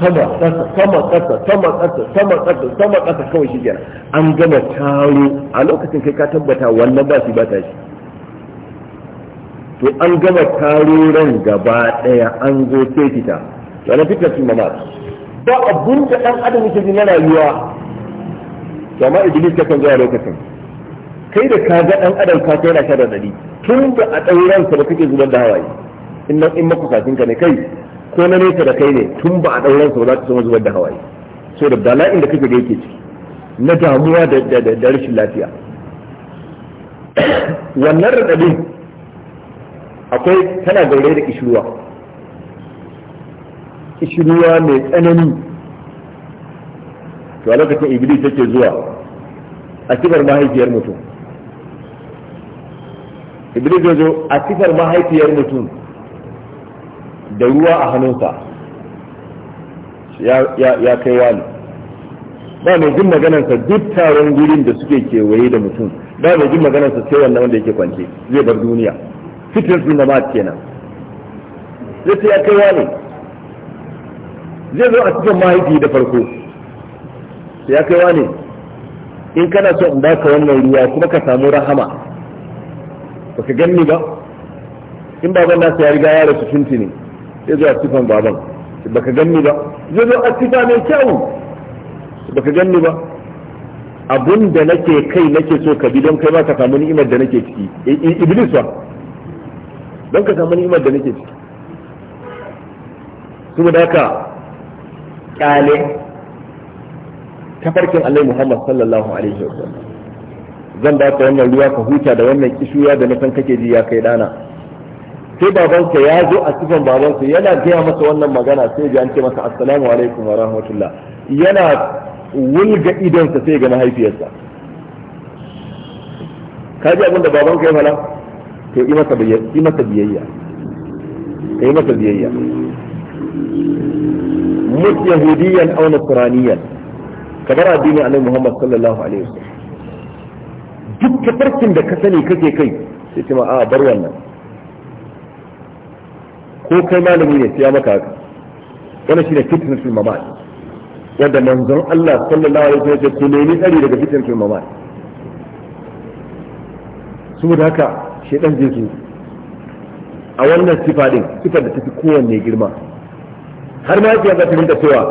sama ƙasa sama ƙasa sama ƙasa sama ƙasa sama ƙasa kawai shi kenan an gama taro a lokacin kai ka tabbata wannan ba su ba ta shi to an gama taro ran gaba ɗaya an zo sai fita wani fitar su mamaki ba abin da ɗan adam yake na rayuwa to amma iblis ta kan zuwa lokacin kai da ka ga dan adam ka kai da tun da a ɗauran sa da kake zubar da hawaye in nan in maka kafin ka ne kai ko na nesa da kai ne tun ba a ɗauran sa ba za ka so zubar da hawaye so da bala'in da kake da yake ciki na damuwa da rashin lafiya wannan raɗaɗin akwai tana gaure da kishiruwa kishiruwa mai tsanani to a lokacin iblis yake zuwa a sifar mahaifiyar mutum iblis ya zo a sifar mahaifiyar mutum da ruwa a hannunsa ya kai wani ba mai jin maganarsa duk taron gurin da suke kewaye da mutum ba mai jin maganarsa sai wannan wanda yake kwance zai bar duniya fitin sun zama kenan zai ya kai wani zai zo a cikin mahaifi da farko to ya wa ne in kana so in baka wannan ruwa kuma ka samu rahama ba ka ganni ba in baban su ya riga ya rasu shinti ne sai zuwa sifan baban ba ka ganni ba zai zo a sifa mai kyau ba ka ganni ba abun da nake kai nake so ka bi don kai ma ka samu ni'imar da nake ciki iblis ba don ka samu ni'imar da nake ciki saboda haka kyale tafarkin Allah Muhammad sallallahu alaihi sallam zan ba ka wannan ruwa ka huta da wannan kishuya da na san kake ji ya kai dana sai babansa ya zo a sifan babansa yana gaya masa wannan magana sai ji ce masa assalamu alaikum wa rahmatullah yana wulga idonsa sai ga mahaifiyarsa ka ji abinda da babanka ya fala to yi masa biyayya ka yi masa biyayya mut yahudiyan aw nasraniyan kamar addinin annabi Muhammad sallallahu alaihi wasallam duk tafarkin da ka sani kake kai sai ce ma a bar wannan ko kai malami ne sai ya maka haka wannan shine fitnatul mamat wanda manzon Allah sallallahu alaihi wasallam ya ce ku nemi tsari daga fitnatul mamat saboda haka shedan zai zo a wannan sifa din sifar da tafi kowanne girma har ma ya ga ta rinka cewa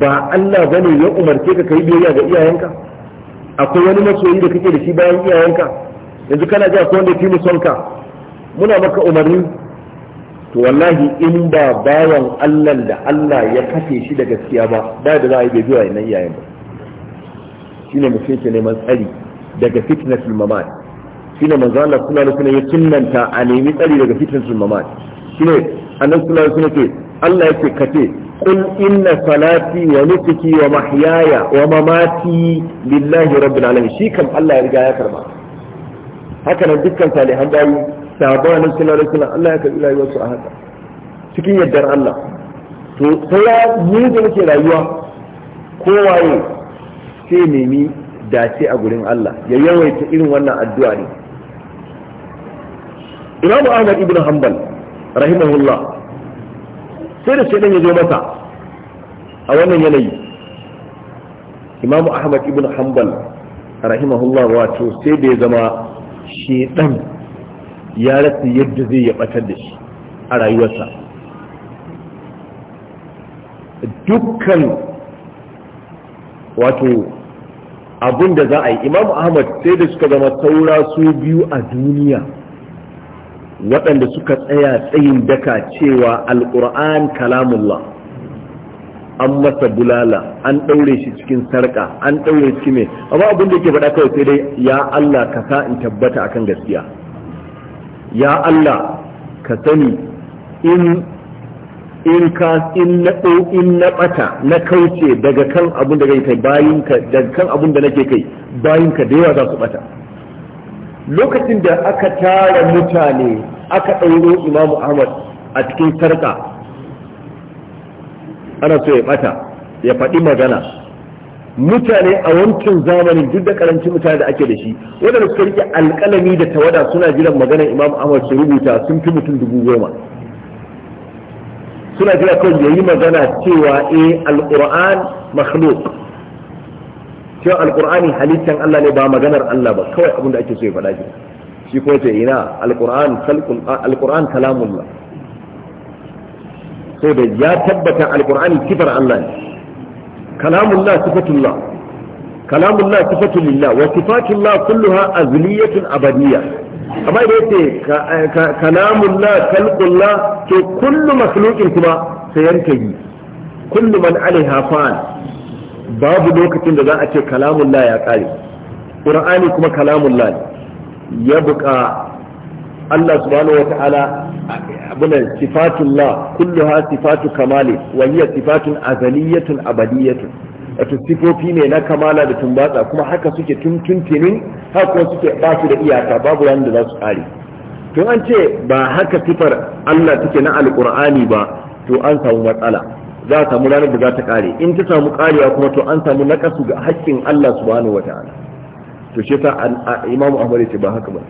ba Allah bane ya umarce ka kai biyayya ga iyayenka akwai wani masoyi da kake da shi bayan iyayenka yanzu kana ji akwai wanda fi mu son ka muna maka umarni to wallahi in ba bayan Allah da Allah ya kafe shi da gaskiya ba ba da za a yi bai biya nan iyayen ba ne mutum ke neman tsari daga fitnatul mamat shine manzo Allah kuma da kuma ya sunnanta a nemi tsari daga fitnatul mamat shine annabi sallallahu alaihi wasallam Allah ya yake kace قل إن صلاتي ونسكي ومحياي ومماتي لله رب العالمين شي كم الله يرجع يا كرما هكذا دكان صالحا داي صحابه النبي صلى الله عليه وسلم الله يكفي لا يوسع هذا cikin yardar Allah to sai ya yi da nake rayuwa kowaye sai nemi dace a gurin Allah ya yawaita irin wannan addu'a ne Imam Ahmad ibn Hanbal rahimahullah sai da ɗan ya zo masa a wannan yanayi imamu ahmad ibn hanbal rahimahullah wato sai da ya zama shedan ya rasa yadda zai ya batar da shi a rayuwarsa dukkan wato abin da za a yi imamu ahmad sai da suka zama saura su biyu a duniya waɗanda suka tsaya tsayin daka cewa al'ur'an kalamullah an masa bulala an ɗaure shi cikin sarƙa an ɗaure shi mai amma abin da yake faɗa kawai sai dai ya Allah ka sa in tabbata akan gaskiya ya Allah ka sani in in ka in na in na bata na kauce daga kan abin da kai bayin ka daga kan abin da nake kai bayin ka da yawa za su bata lokacin da aka tara mutane aka ɗauro imamu ahmad a cikin sarƙa ana so ya bata ya faɗi magana mutane a wancan zamanin duk da karancin mutane da ake da shi waɗanda suka rike alƙalami da tawada suna jiran maganar imam ahmad su rubuta sun fi mutum dubu goma suna jira kawai yayi magana cewa eh alquran makhluq cewa alƙur'ani halittan Allah ne ba maganar Allah ba kawai abin da ake so ya faɗa shi shi ko ce ina alƙur'an kalamullah sai ya tabbata alkur'ani sifar Allah ne kalamullah sifatullah kalamullah sifatullah wa sifatullah kulluha azliyatun abadiyya amma da yace kalamullah khalqullah to kullu makhluqin kuma sai yankayi kullu man alaiha fan babu lokacin da za a ce kalamullah ya kare qur'ani kuma kalamullah ne ya buƙa Allah subhanahu wa ta'ala abunan صفات kulluha sifatu kamali كمال وهي sifatun azaliyatun abadiyatun wato sifofi ne na kamala da tumbatsa kuma haka suke tun tuntunin haka suke basu da iyaka babu wanda za su kare tun an ce ba haka sifar Allah take na alqur'ani ba to an samu matsala za a samu ranar da za ta kare in ta samu karewa kuma to an samu nakasu ga haƙƙin Allah subhanahu wataala to shi ta imamu Ahmad ce ba haka ba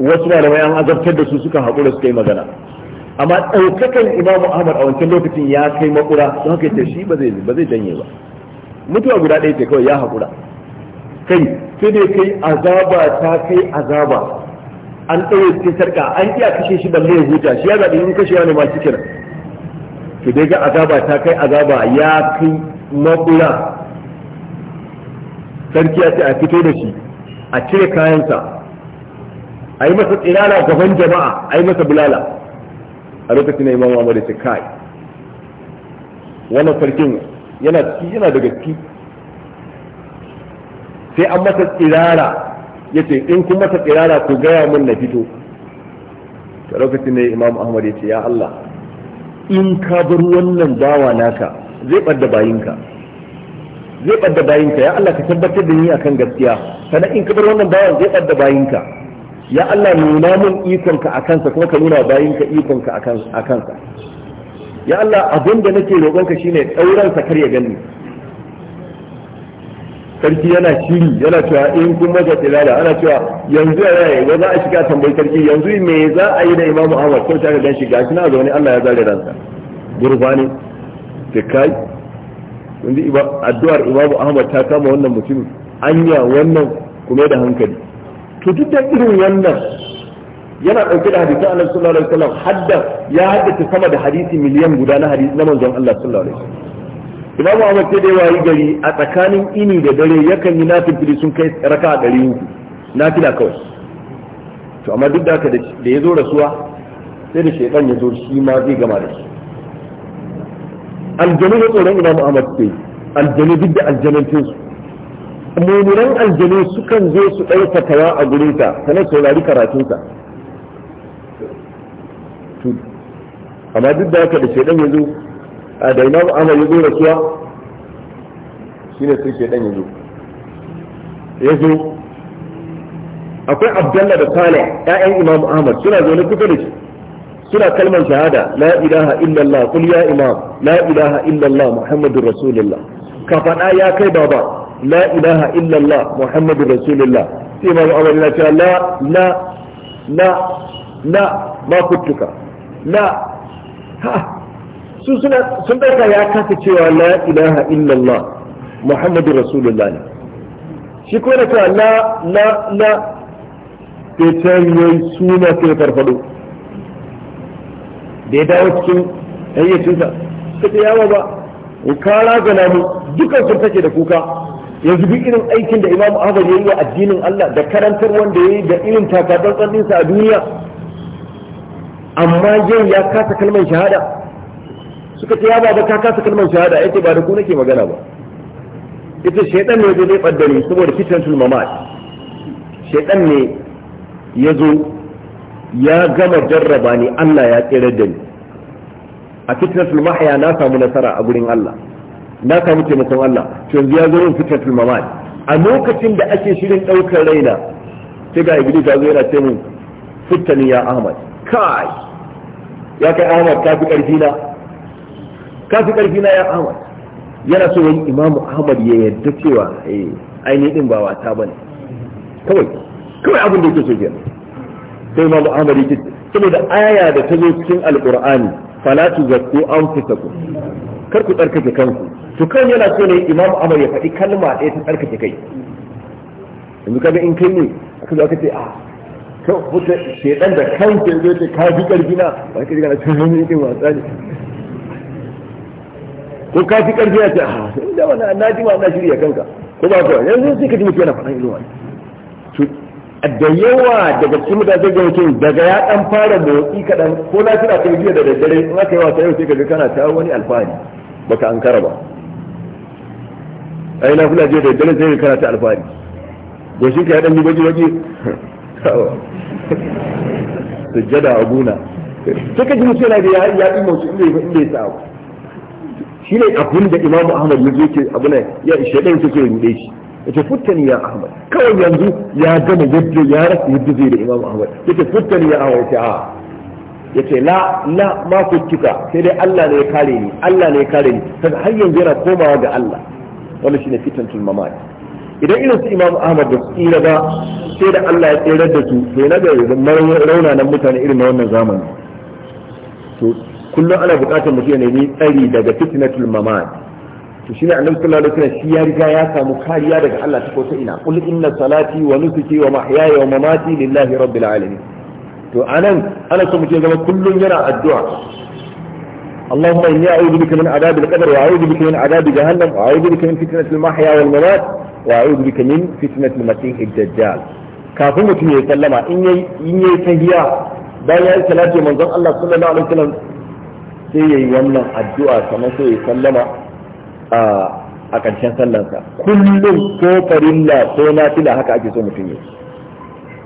wasu malamai an azabtar da su suka haƙura suka yi magana amma ɗaukakan imamu ahmad a wancan lokacin ya kai makura don haka ce shi ba zai janye ba mutuwa guda ɗaya ce kawai ya haƙura kai sai dai kai azaba ta kai azaba an ɗaure cikin sarƙa an iya kashe shi balle ya huta shi ya zaɓi in kashe wani ma cikin to dai ga azaba ta kai azaba ya kai makura sarki ya ce a fito da shi a cire kayansa a yi masa tsirara gaban jama'a a yi masa bulala a lokacin na imam Muhammad ce kai wannan sarkin yana ciki yana daga gaske sai an masa tsirara ya ce in kun masa tsirara ku gaya min na fito a lokacin na imam Ahmad ya ce ya Allah in ka bar wannan bawa naka zai ɓadda bayinka zai ɓadda bayinka ya Allah ka tabbatar da ni akan gaskiya sannan in ka bar wannan bawa zai ɓadda bayinka ya Allah nuna min ikonka a kansa kuma ka nuna bayinka ikonka a kansa ya Allah abin da nake roƙonka shine ɗauran sa kar ya gani sarki yana shiri yana cewa in kun maza tilala ana cewa yanzu ya yi. wa za a shiga tambayi sarki yanzu me za a yi da imamu Ahmad ko ta shiga shi na zaune Allah ya zare ransa gurbani ke kai addu'ar imamu Ahmad ta kama wannan mutum anya wannan kuma da hankali to duk irin wannan yana ɗauke da hadisan Allah sallallahu alaihi wasallam hadda ya haddace sama da hadisi miliyan guda na hadisi na manzon Allah sallallahu alaihi wasallam imamu Ahmad sai da wayi gari a tsakanin ini da dare yakan yi nafil sun kai raka ɗari uku nafila kawai to amma duk da haka da ya zo rasuwa sai da shaitan ya zo shi ma zai gama da shi aljanu na tsoron imamu Ahmad sai aljanu duk da aljanantinsu mummunan aljanu sukan zo su ɗauka kawa a gurinsa sannan saurari karatunsa amma duk da haka da shaidan ya zo a da imam ahmad ya zo rasuwa Shi ne sai shaidan ya zo ya zo akwai abdalla da salih ƴaƴan imam ahmad suna zaune kusa da shi suna kalmar shahada la ilaha illallah qul ya imam la ilaha illallah muhammadur rasulullah ka faɗa ya kai baba la ilaha illallah muhammadu rasulullah sai ma mu'amar yana cewa la la la la ma kuttuka la ha su suna sun ɗauka ya kasa cewa la ilaha illallah muhammadu rasulullah ne shi ko kuma cewa la la la ta canyoyi suna sai farfado da ya dawo cikin hayyacinsa suka yawa ba in ga namu mu dukan sun take da kuka yanzu duk irin aikin da Imam Ahmad ya yi addinin Allah da karantar wanda ya yi da irin takatsantsan ɗinsa a duniya amma yau ya kasa kalmar shahada suka ce ya ba ka kasa kalmar shahada yake ba da ku nake magana ba ita shaidan ne zai ɓadda ne saboda fitan tulmamat shaidan ne ya zo ya gama jarraba ni Allah ya tsirar da ni a fitnatul mahya na samu nasara a gurin Allah na samu taimakon Allah to yanzu ya zo yin fitnatul mamat a lokacin da ake shirin daukar raina sai ga iblis ya zo yana ce min fitani ya ahmad kai ya kai ahmad kafi fi karfi na ka karfi na ya ahmad yana so wani imamu ahmad ya yarda cewa eh ainihin din ba wata bane kawai kawai abin da yake so kenan sai imamu ahmad ya yake saboda aya da ta zo cikin alqur'ani fala tuzakku anfusakum kar ku tsarkake kanku to kan yana so ne imamu amar ya faɗi kalma ɗaya ta tsarkake kai yanzu kaga in kai ne aka zo aka ce a ah, kan wuta shedan da kanka ya zo ce ka fi ƙarfi na ba ka diga na cikin ne ɗin wasa ne ko ka fi ƙarfi ya ce a inda wani na jima ma na shirya kanka ko ba ka yanzu sai ka ji mutu yana faɗan irin wani da yawa daga cikin mutane ga mutum daga ya dan fara motsi kaɗan ko na tuna ta jiya da daddare in aka yi wasa yau sai kaga kana ta wani alfahari baka an kara ba ai na kula je da daddare sai kana ta alfahari shi ka ya dan yi baji baji sujjada a gona sai ka ji mutum yana da ya yi motsi inda ya inda ya sa shi ne abin da imamu ahmad ya zo ke abu ne ya ke suke rude shi yace futtani ya ahmad kawai yanzu ya gama yadda ya rasa yadda zai da imam ahmad yace futtani ya ahmad yace a ah. yace la la ma kika sai dai Allah ne ya kare ni Allah ne ya kare ni kaga har yanzu yana komawa ga Allah wannan shine fitantul mamat idan irin su imam ahmad da su tsira ba sai da Allah ya tsere da su to yana rauna raunanan mutane irin na wannan zamani to kullum ana buƙatar mutum ya nemi tsari daga fitnatul mamat to shine annabi sallallahu alaihi wasallam shi ya riga ya samu kariya daga Allah ta kota ina qul inna salati wa nusuki wa mahyaya wa mamati lillahi rabbil alamin to anan ana so muke zama kullun yana addu'a اللهم اني اعوذ بك من عذاب القبر واعوذ بك من عذاب جهنم واعوذ بك من فتنه المحيا والممات واعوذ بك من فتنه المسيح الدجال kafin mutum ya sallama in yayi in yayi tahiyya bayan yayi salati manzon Allah sallallahu alaihi wasallam wannan addu'a kamar sai ya a ƙarshen sallansa kullum ko farilla ko nafila haka ake so mutum yi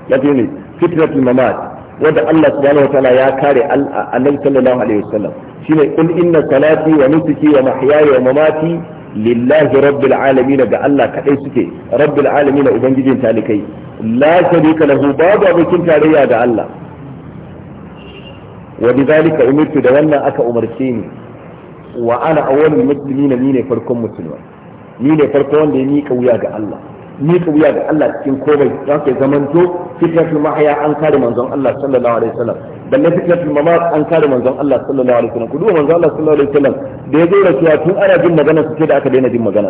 lafi ne fitratul mamat wanda Allah subhanahu wataala ya kare annabi sallallahu alaihi wasallam shine kul inna salati wa nusuki wa mahyaya wa mamati lillahi rabbil alamin ga Allah kadai suke rabbil alamin ubangijin talikai la sharika lahu babu abokin tarayya ga Allah wa zalika umirtu da wannan aka umarce ni wa ana awwalul muslimina ni ne farkon musulma ni ne farko wanda ya mika wuya ga Allah mika wuya ga Allah cikin komai za ka zamanto fitratul mahaya an kare manzon Allah sallallahu alaihi wasallam balle fitratul mamat an kare manzon Allah sallallahu alaihi wasallam ku duba manzon Allah sallallahu alaihi wasallam da ya zo rasuwa tun ana jin magana su da aka daina jin magana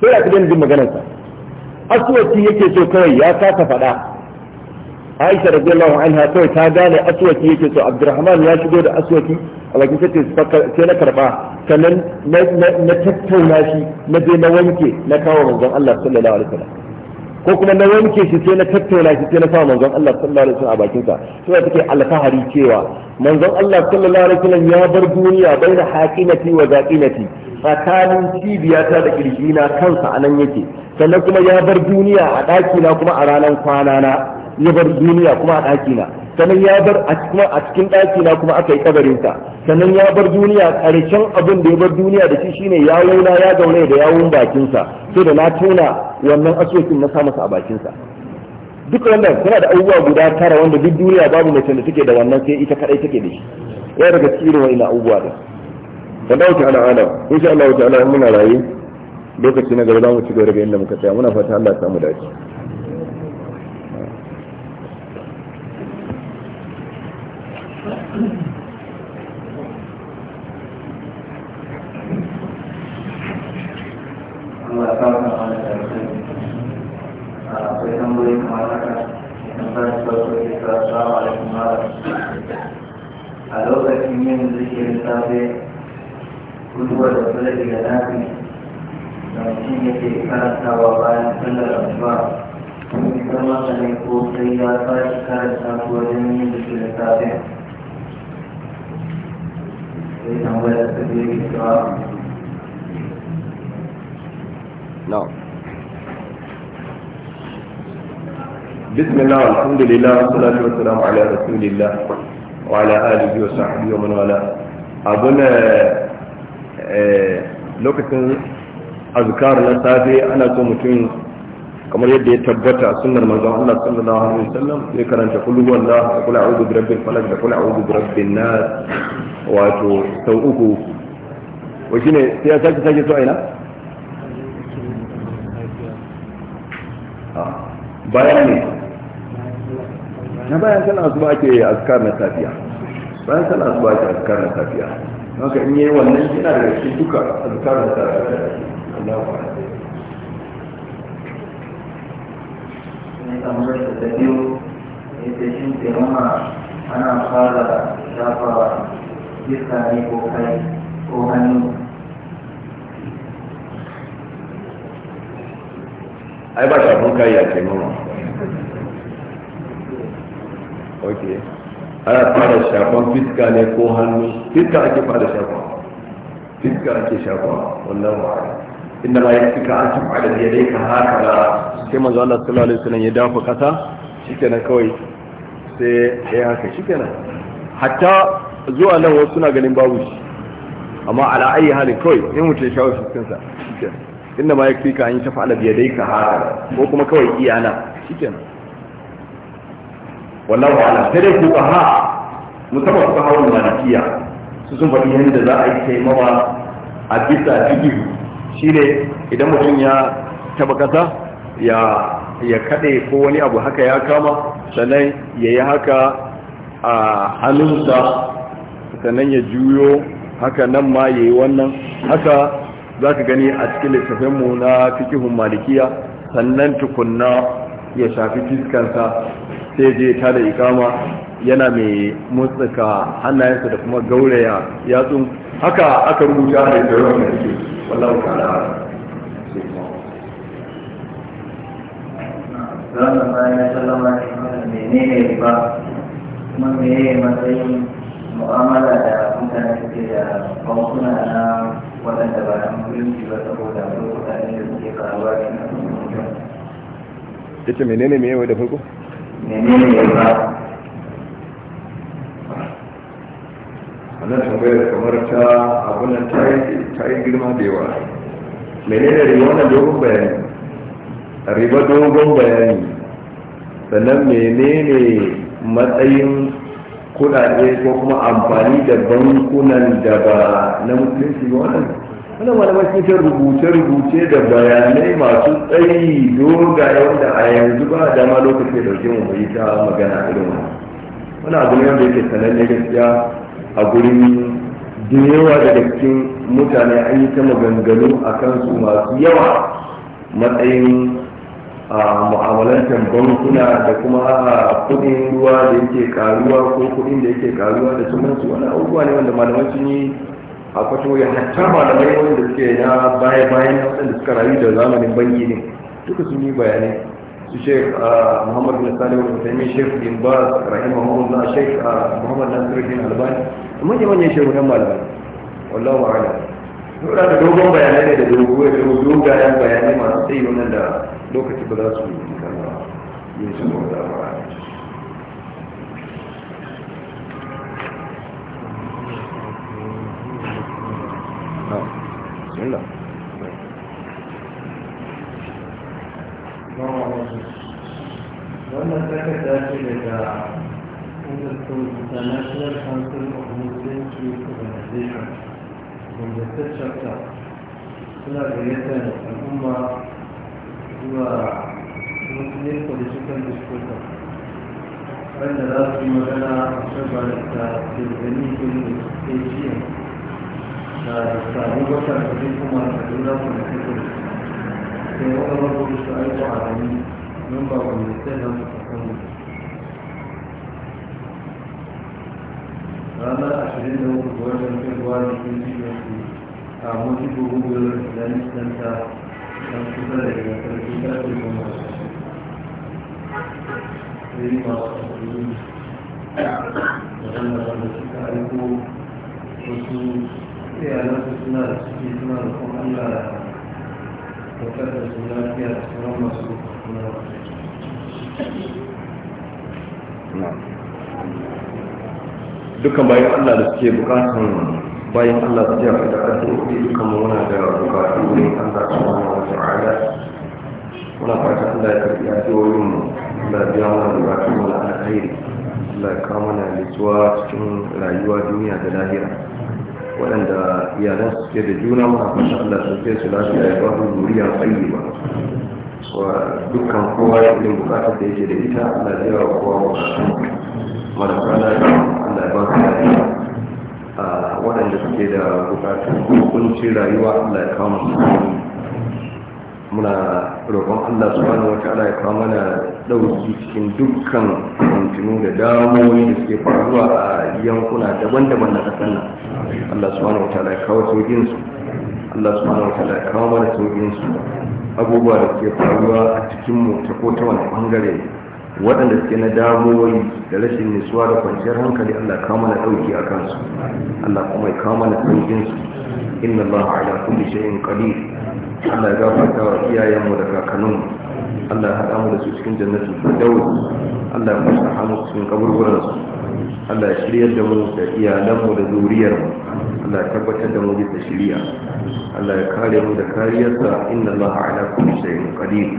sai aka daina jin magana sa aswaki yake so kawai ya kasa faɗa Aisha radiyallahu anha kawai ta gane aswaki yake so Abdurrahman ya shigo da aswaki a bakin sai sai na karba sannan na tattauna shi na je na wanke na kawo manzon Allah sallallahu alaihi wasallam ko kuma na wanke shi sai na tattauna shi sai na sa manzon Allah sallallahu alaihi wasallam a bakin sa sai take alfahari cewa manzon Allah sallallahu alaihi wasallam ya bar duniya baina haqinati wa zaqinati tsakanin cibiyata da kirjina kansa anan yake sannan kuma ya bar duniya a ɗakina kuma a ranar kwanana ya bar duniya kuma a ɗakina sannan ya bar a cikin a cikin daki na kuma aka yi kabarin sa sannan ya bar duniya karshen abin da ya bar duniya da shi shine ya launa ya gaune da yawun bakin sa sai da na tona wannan asusun na sa masa a bakin sa duk wannan tana da abubuwa guda tara wanda duk duniya babu mace da take da wannan sai ita kadai take da shi ya daga cikin wani abubuwa da sannan wata ala ala insha Allah wata ala muna rayu lokaci na gaba za mu ci gaba daga inda muka tsaya muna fata Allah ya samu dace نعم بسم الله الحمد لله والصلاة والسلام على رسول الله وعلى آله وصحبه ومن والاه أظن آه، لوكتن azkar na safe ana so mutum kamar yadda ya tabbata sunnar manzon Allah sallallahu alaihi wasallam zai karanta kullu wanda, da kula a'udhu bi rabbil falaq da kula a'udhu bi rabbin nas wato sau uku wa shine sai ya sake sake so aina ah, bayan ne na bayan sallah asuba ake azkar na safiya bayan sallah asuba ake azkar na safiya haka in yi wannan yana da cikin duka azkar na safiya الله أعلم tambayar da ta biyu ita shi taimama ana fara shafawa iska ne ko kai ko hannu ai ba shafin kai ya taimama ok ana fara shafan fiska ne ko hannu fiska ake fara shafa fiska ake shafa wallahu a'lam inda ma yafika an taf'ala ka haka hakala sai manzo Allah sallallahu alaihi wasallam ya dafa kasa shikenan kawai sai ya haka shikenan hatta zuwa nan wasu suna ganin babu shi amma ala ayi halin kawai in mutum ya shawo fuskansa shikenan inda ma ka an taf'ala bi yadayka hakala ko kuma kawai iyana shikenan wallahu ala sai dai kuka ha musamman kuka hawan malikiya su sun faɗi yadda za a yi taimawa a bisa fikihu Shi ne idan mutum ya taba kasa ya kaɗe ko wani abu haka ya kama sannan ya yi haka a hannunsa sannan ya juyo haka nan ma ya yi wannan haka za ka gani a cikin littafinmu na fikihun malikiya sannan tukunna ya shafi fiskansa sai je ta da ikama yana mai mutsuka hannayensa da kuma gauraya yatsun haka aka rubuta da ita yawan da ke wallahu ta'ala Ranar bayan sallama ne mana menene ba kuma menene matsayin mu'amala da mutane suke da bankuna na waɗanda ba na musulunci ba saboda mutane da suke karuwa ne na musulunci. Ita menene me yawa da farko? Menene ya ba wannan tambayar kamar ta abunan ta yi girma da yawa menene riba wannan dogon bayani riba dogon bayani sannan menene matsayin kudade ko kuma amfani da bankunan da ba na musulunci ba wannan wannan malamai sun ta rubuce-rubuce da bayanai masu tsayi dogaye wanda a yanzu ba Da ma lokacin da ke mu yi ta magana irin wannan wani abu ne wanda yake sananne gaskiya a gurin da yawa daga cikin mutane an yi ta maganganu a kansu masu yawa matsayin mu'amalantar bankuna da kuma kudin ruwa da yake karuwa ko kudin da yake karuwa da sunansu wani abubuwa ne wanda malaman sun yi a kwato ya hatta malamai wanda suke na baya-bayan da suka rayu da zamanin banki ne duka sun yi bayanai الشيخ آه، محمد بن سالم بن تيمية الشيخ بن باز رحمه الله الشيخ آه، محمد ناصر الدين الباني من يمن من مال والله أعلم Dora da dogon bayanai da dogayen bayanai masu da lokaci ba za su yi kama yin su da to the National Council of Muslim Youth Organization from the third chapter suna gayyatar al'umma zuwa Muslim Political Discourse wanda za su a shabarta da gani gani da suke jiya da sabon wata da zai kuma da lura kuma da kuma da kuma da kuma da kuma da kuma ranar ashirin da uku ga watan februari 2020 a mutu google islamic center don kusa da daga sarki karfe goma yi masu asiri waɗanda wanda suka aiko wasu iyalansu suna da suke suna da kuma allah da ɗaukar da su lafiya da sauran masu kuma wasu Thank you. dukkan bayan Allah da suke bukatan bayan Allah su jira da addu'o'i dukkan muna da bukatu ne su ma wa ta'ala muna fata Allah ya karbi addu'o'in mu Allah ya mana bukatu mu wani alheri Allah ya kawo mana nutsuwa cikin rayuwa duniya da lahira waɗanda iyalan su da juna muna fata Allah su ke su lafiya ya ba su zuriya tsayi ba wa dukkan kowa ya irin bukatar da yake da ita Allah ya wa kowa bukatu mara kana Allah ya ba waɗanda suke da bukatun hukunci rayuwa Allah ya kawo musu muna roƙon Allah subhanahu wa ta'ala ya kawo mana ɗauki cikin dukkan kwantinu da damoyi da suke faruwa a yankuna daban-daban na ƙasar nan Allah subhanahu wa ta'ala ya kawo sauƙin su Allah subhanahu wa ta'ala ya kawo mana sauƙin su abubuwa da suke faruwa a cikin mu ta ko ta wani bangare waɗanda suke na damuwoyi da rashin nisuwa da kwanciyar hankali Allah kawo mana ɗauki a kansu Allah kuma ya kawo mana sauƙinsu inna a ala kulli shay'in qadir Allah ya gafarta wa iyayenmu da kakanninmu Allah ya haɗa mu da su cikin jannatin firdaus Allah ya fasa hamu cikin kaburburansu Allah ya shiryar da mu da iyalanmu da zuriyarmu Allah ya tabbatar da mu bisa shiriya Allah ya kare mu da kariyarsa inna Allah ala kulli shay'in qadir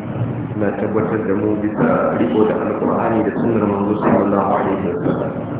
na tabbatar da mu bisa riko da alqur'ani da sunnar manzo sallallahu alaihi wasallam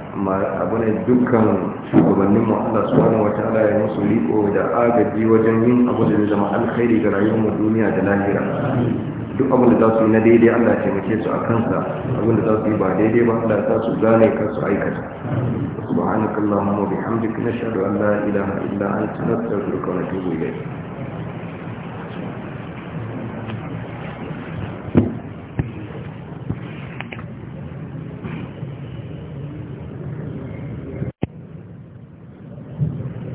abu ne dukkan shugabannin mu su subhanahu wataala ya musu riko da agaji wajen yin abu da zama alkhairi ga rayuwar mu duniya da lahira duk abin da za su yi na daidai Allah taimake su a kansa abin da za su yi ba daidai ba Allah za su gane kan su aikata subhanakallahumma wa bihamdika nashhadu an la ilaha illa anta nastaghfiruka wa natubu ilayk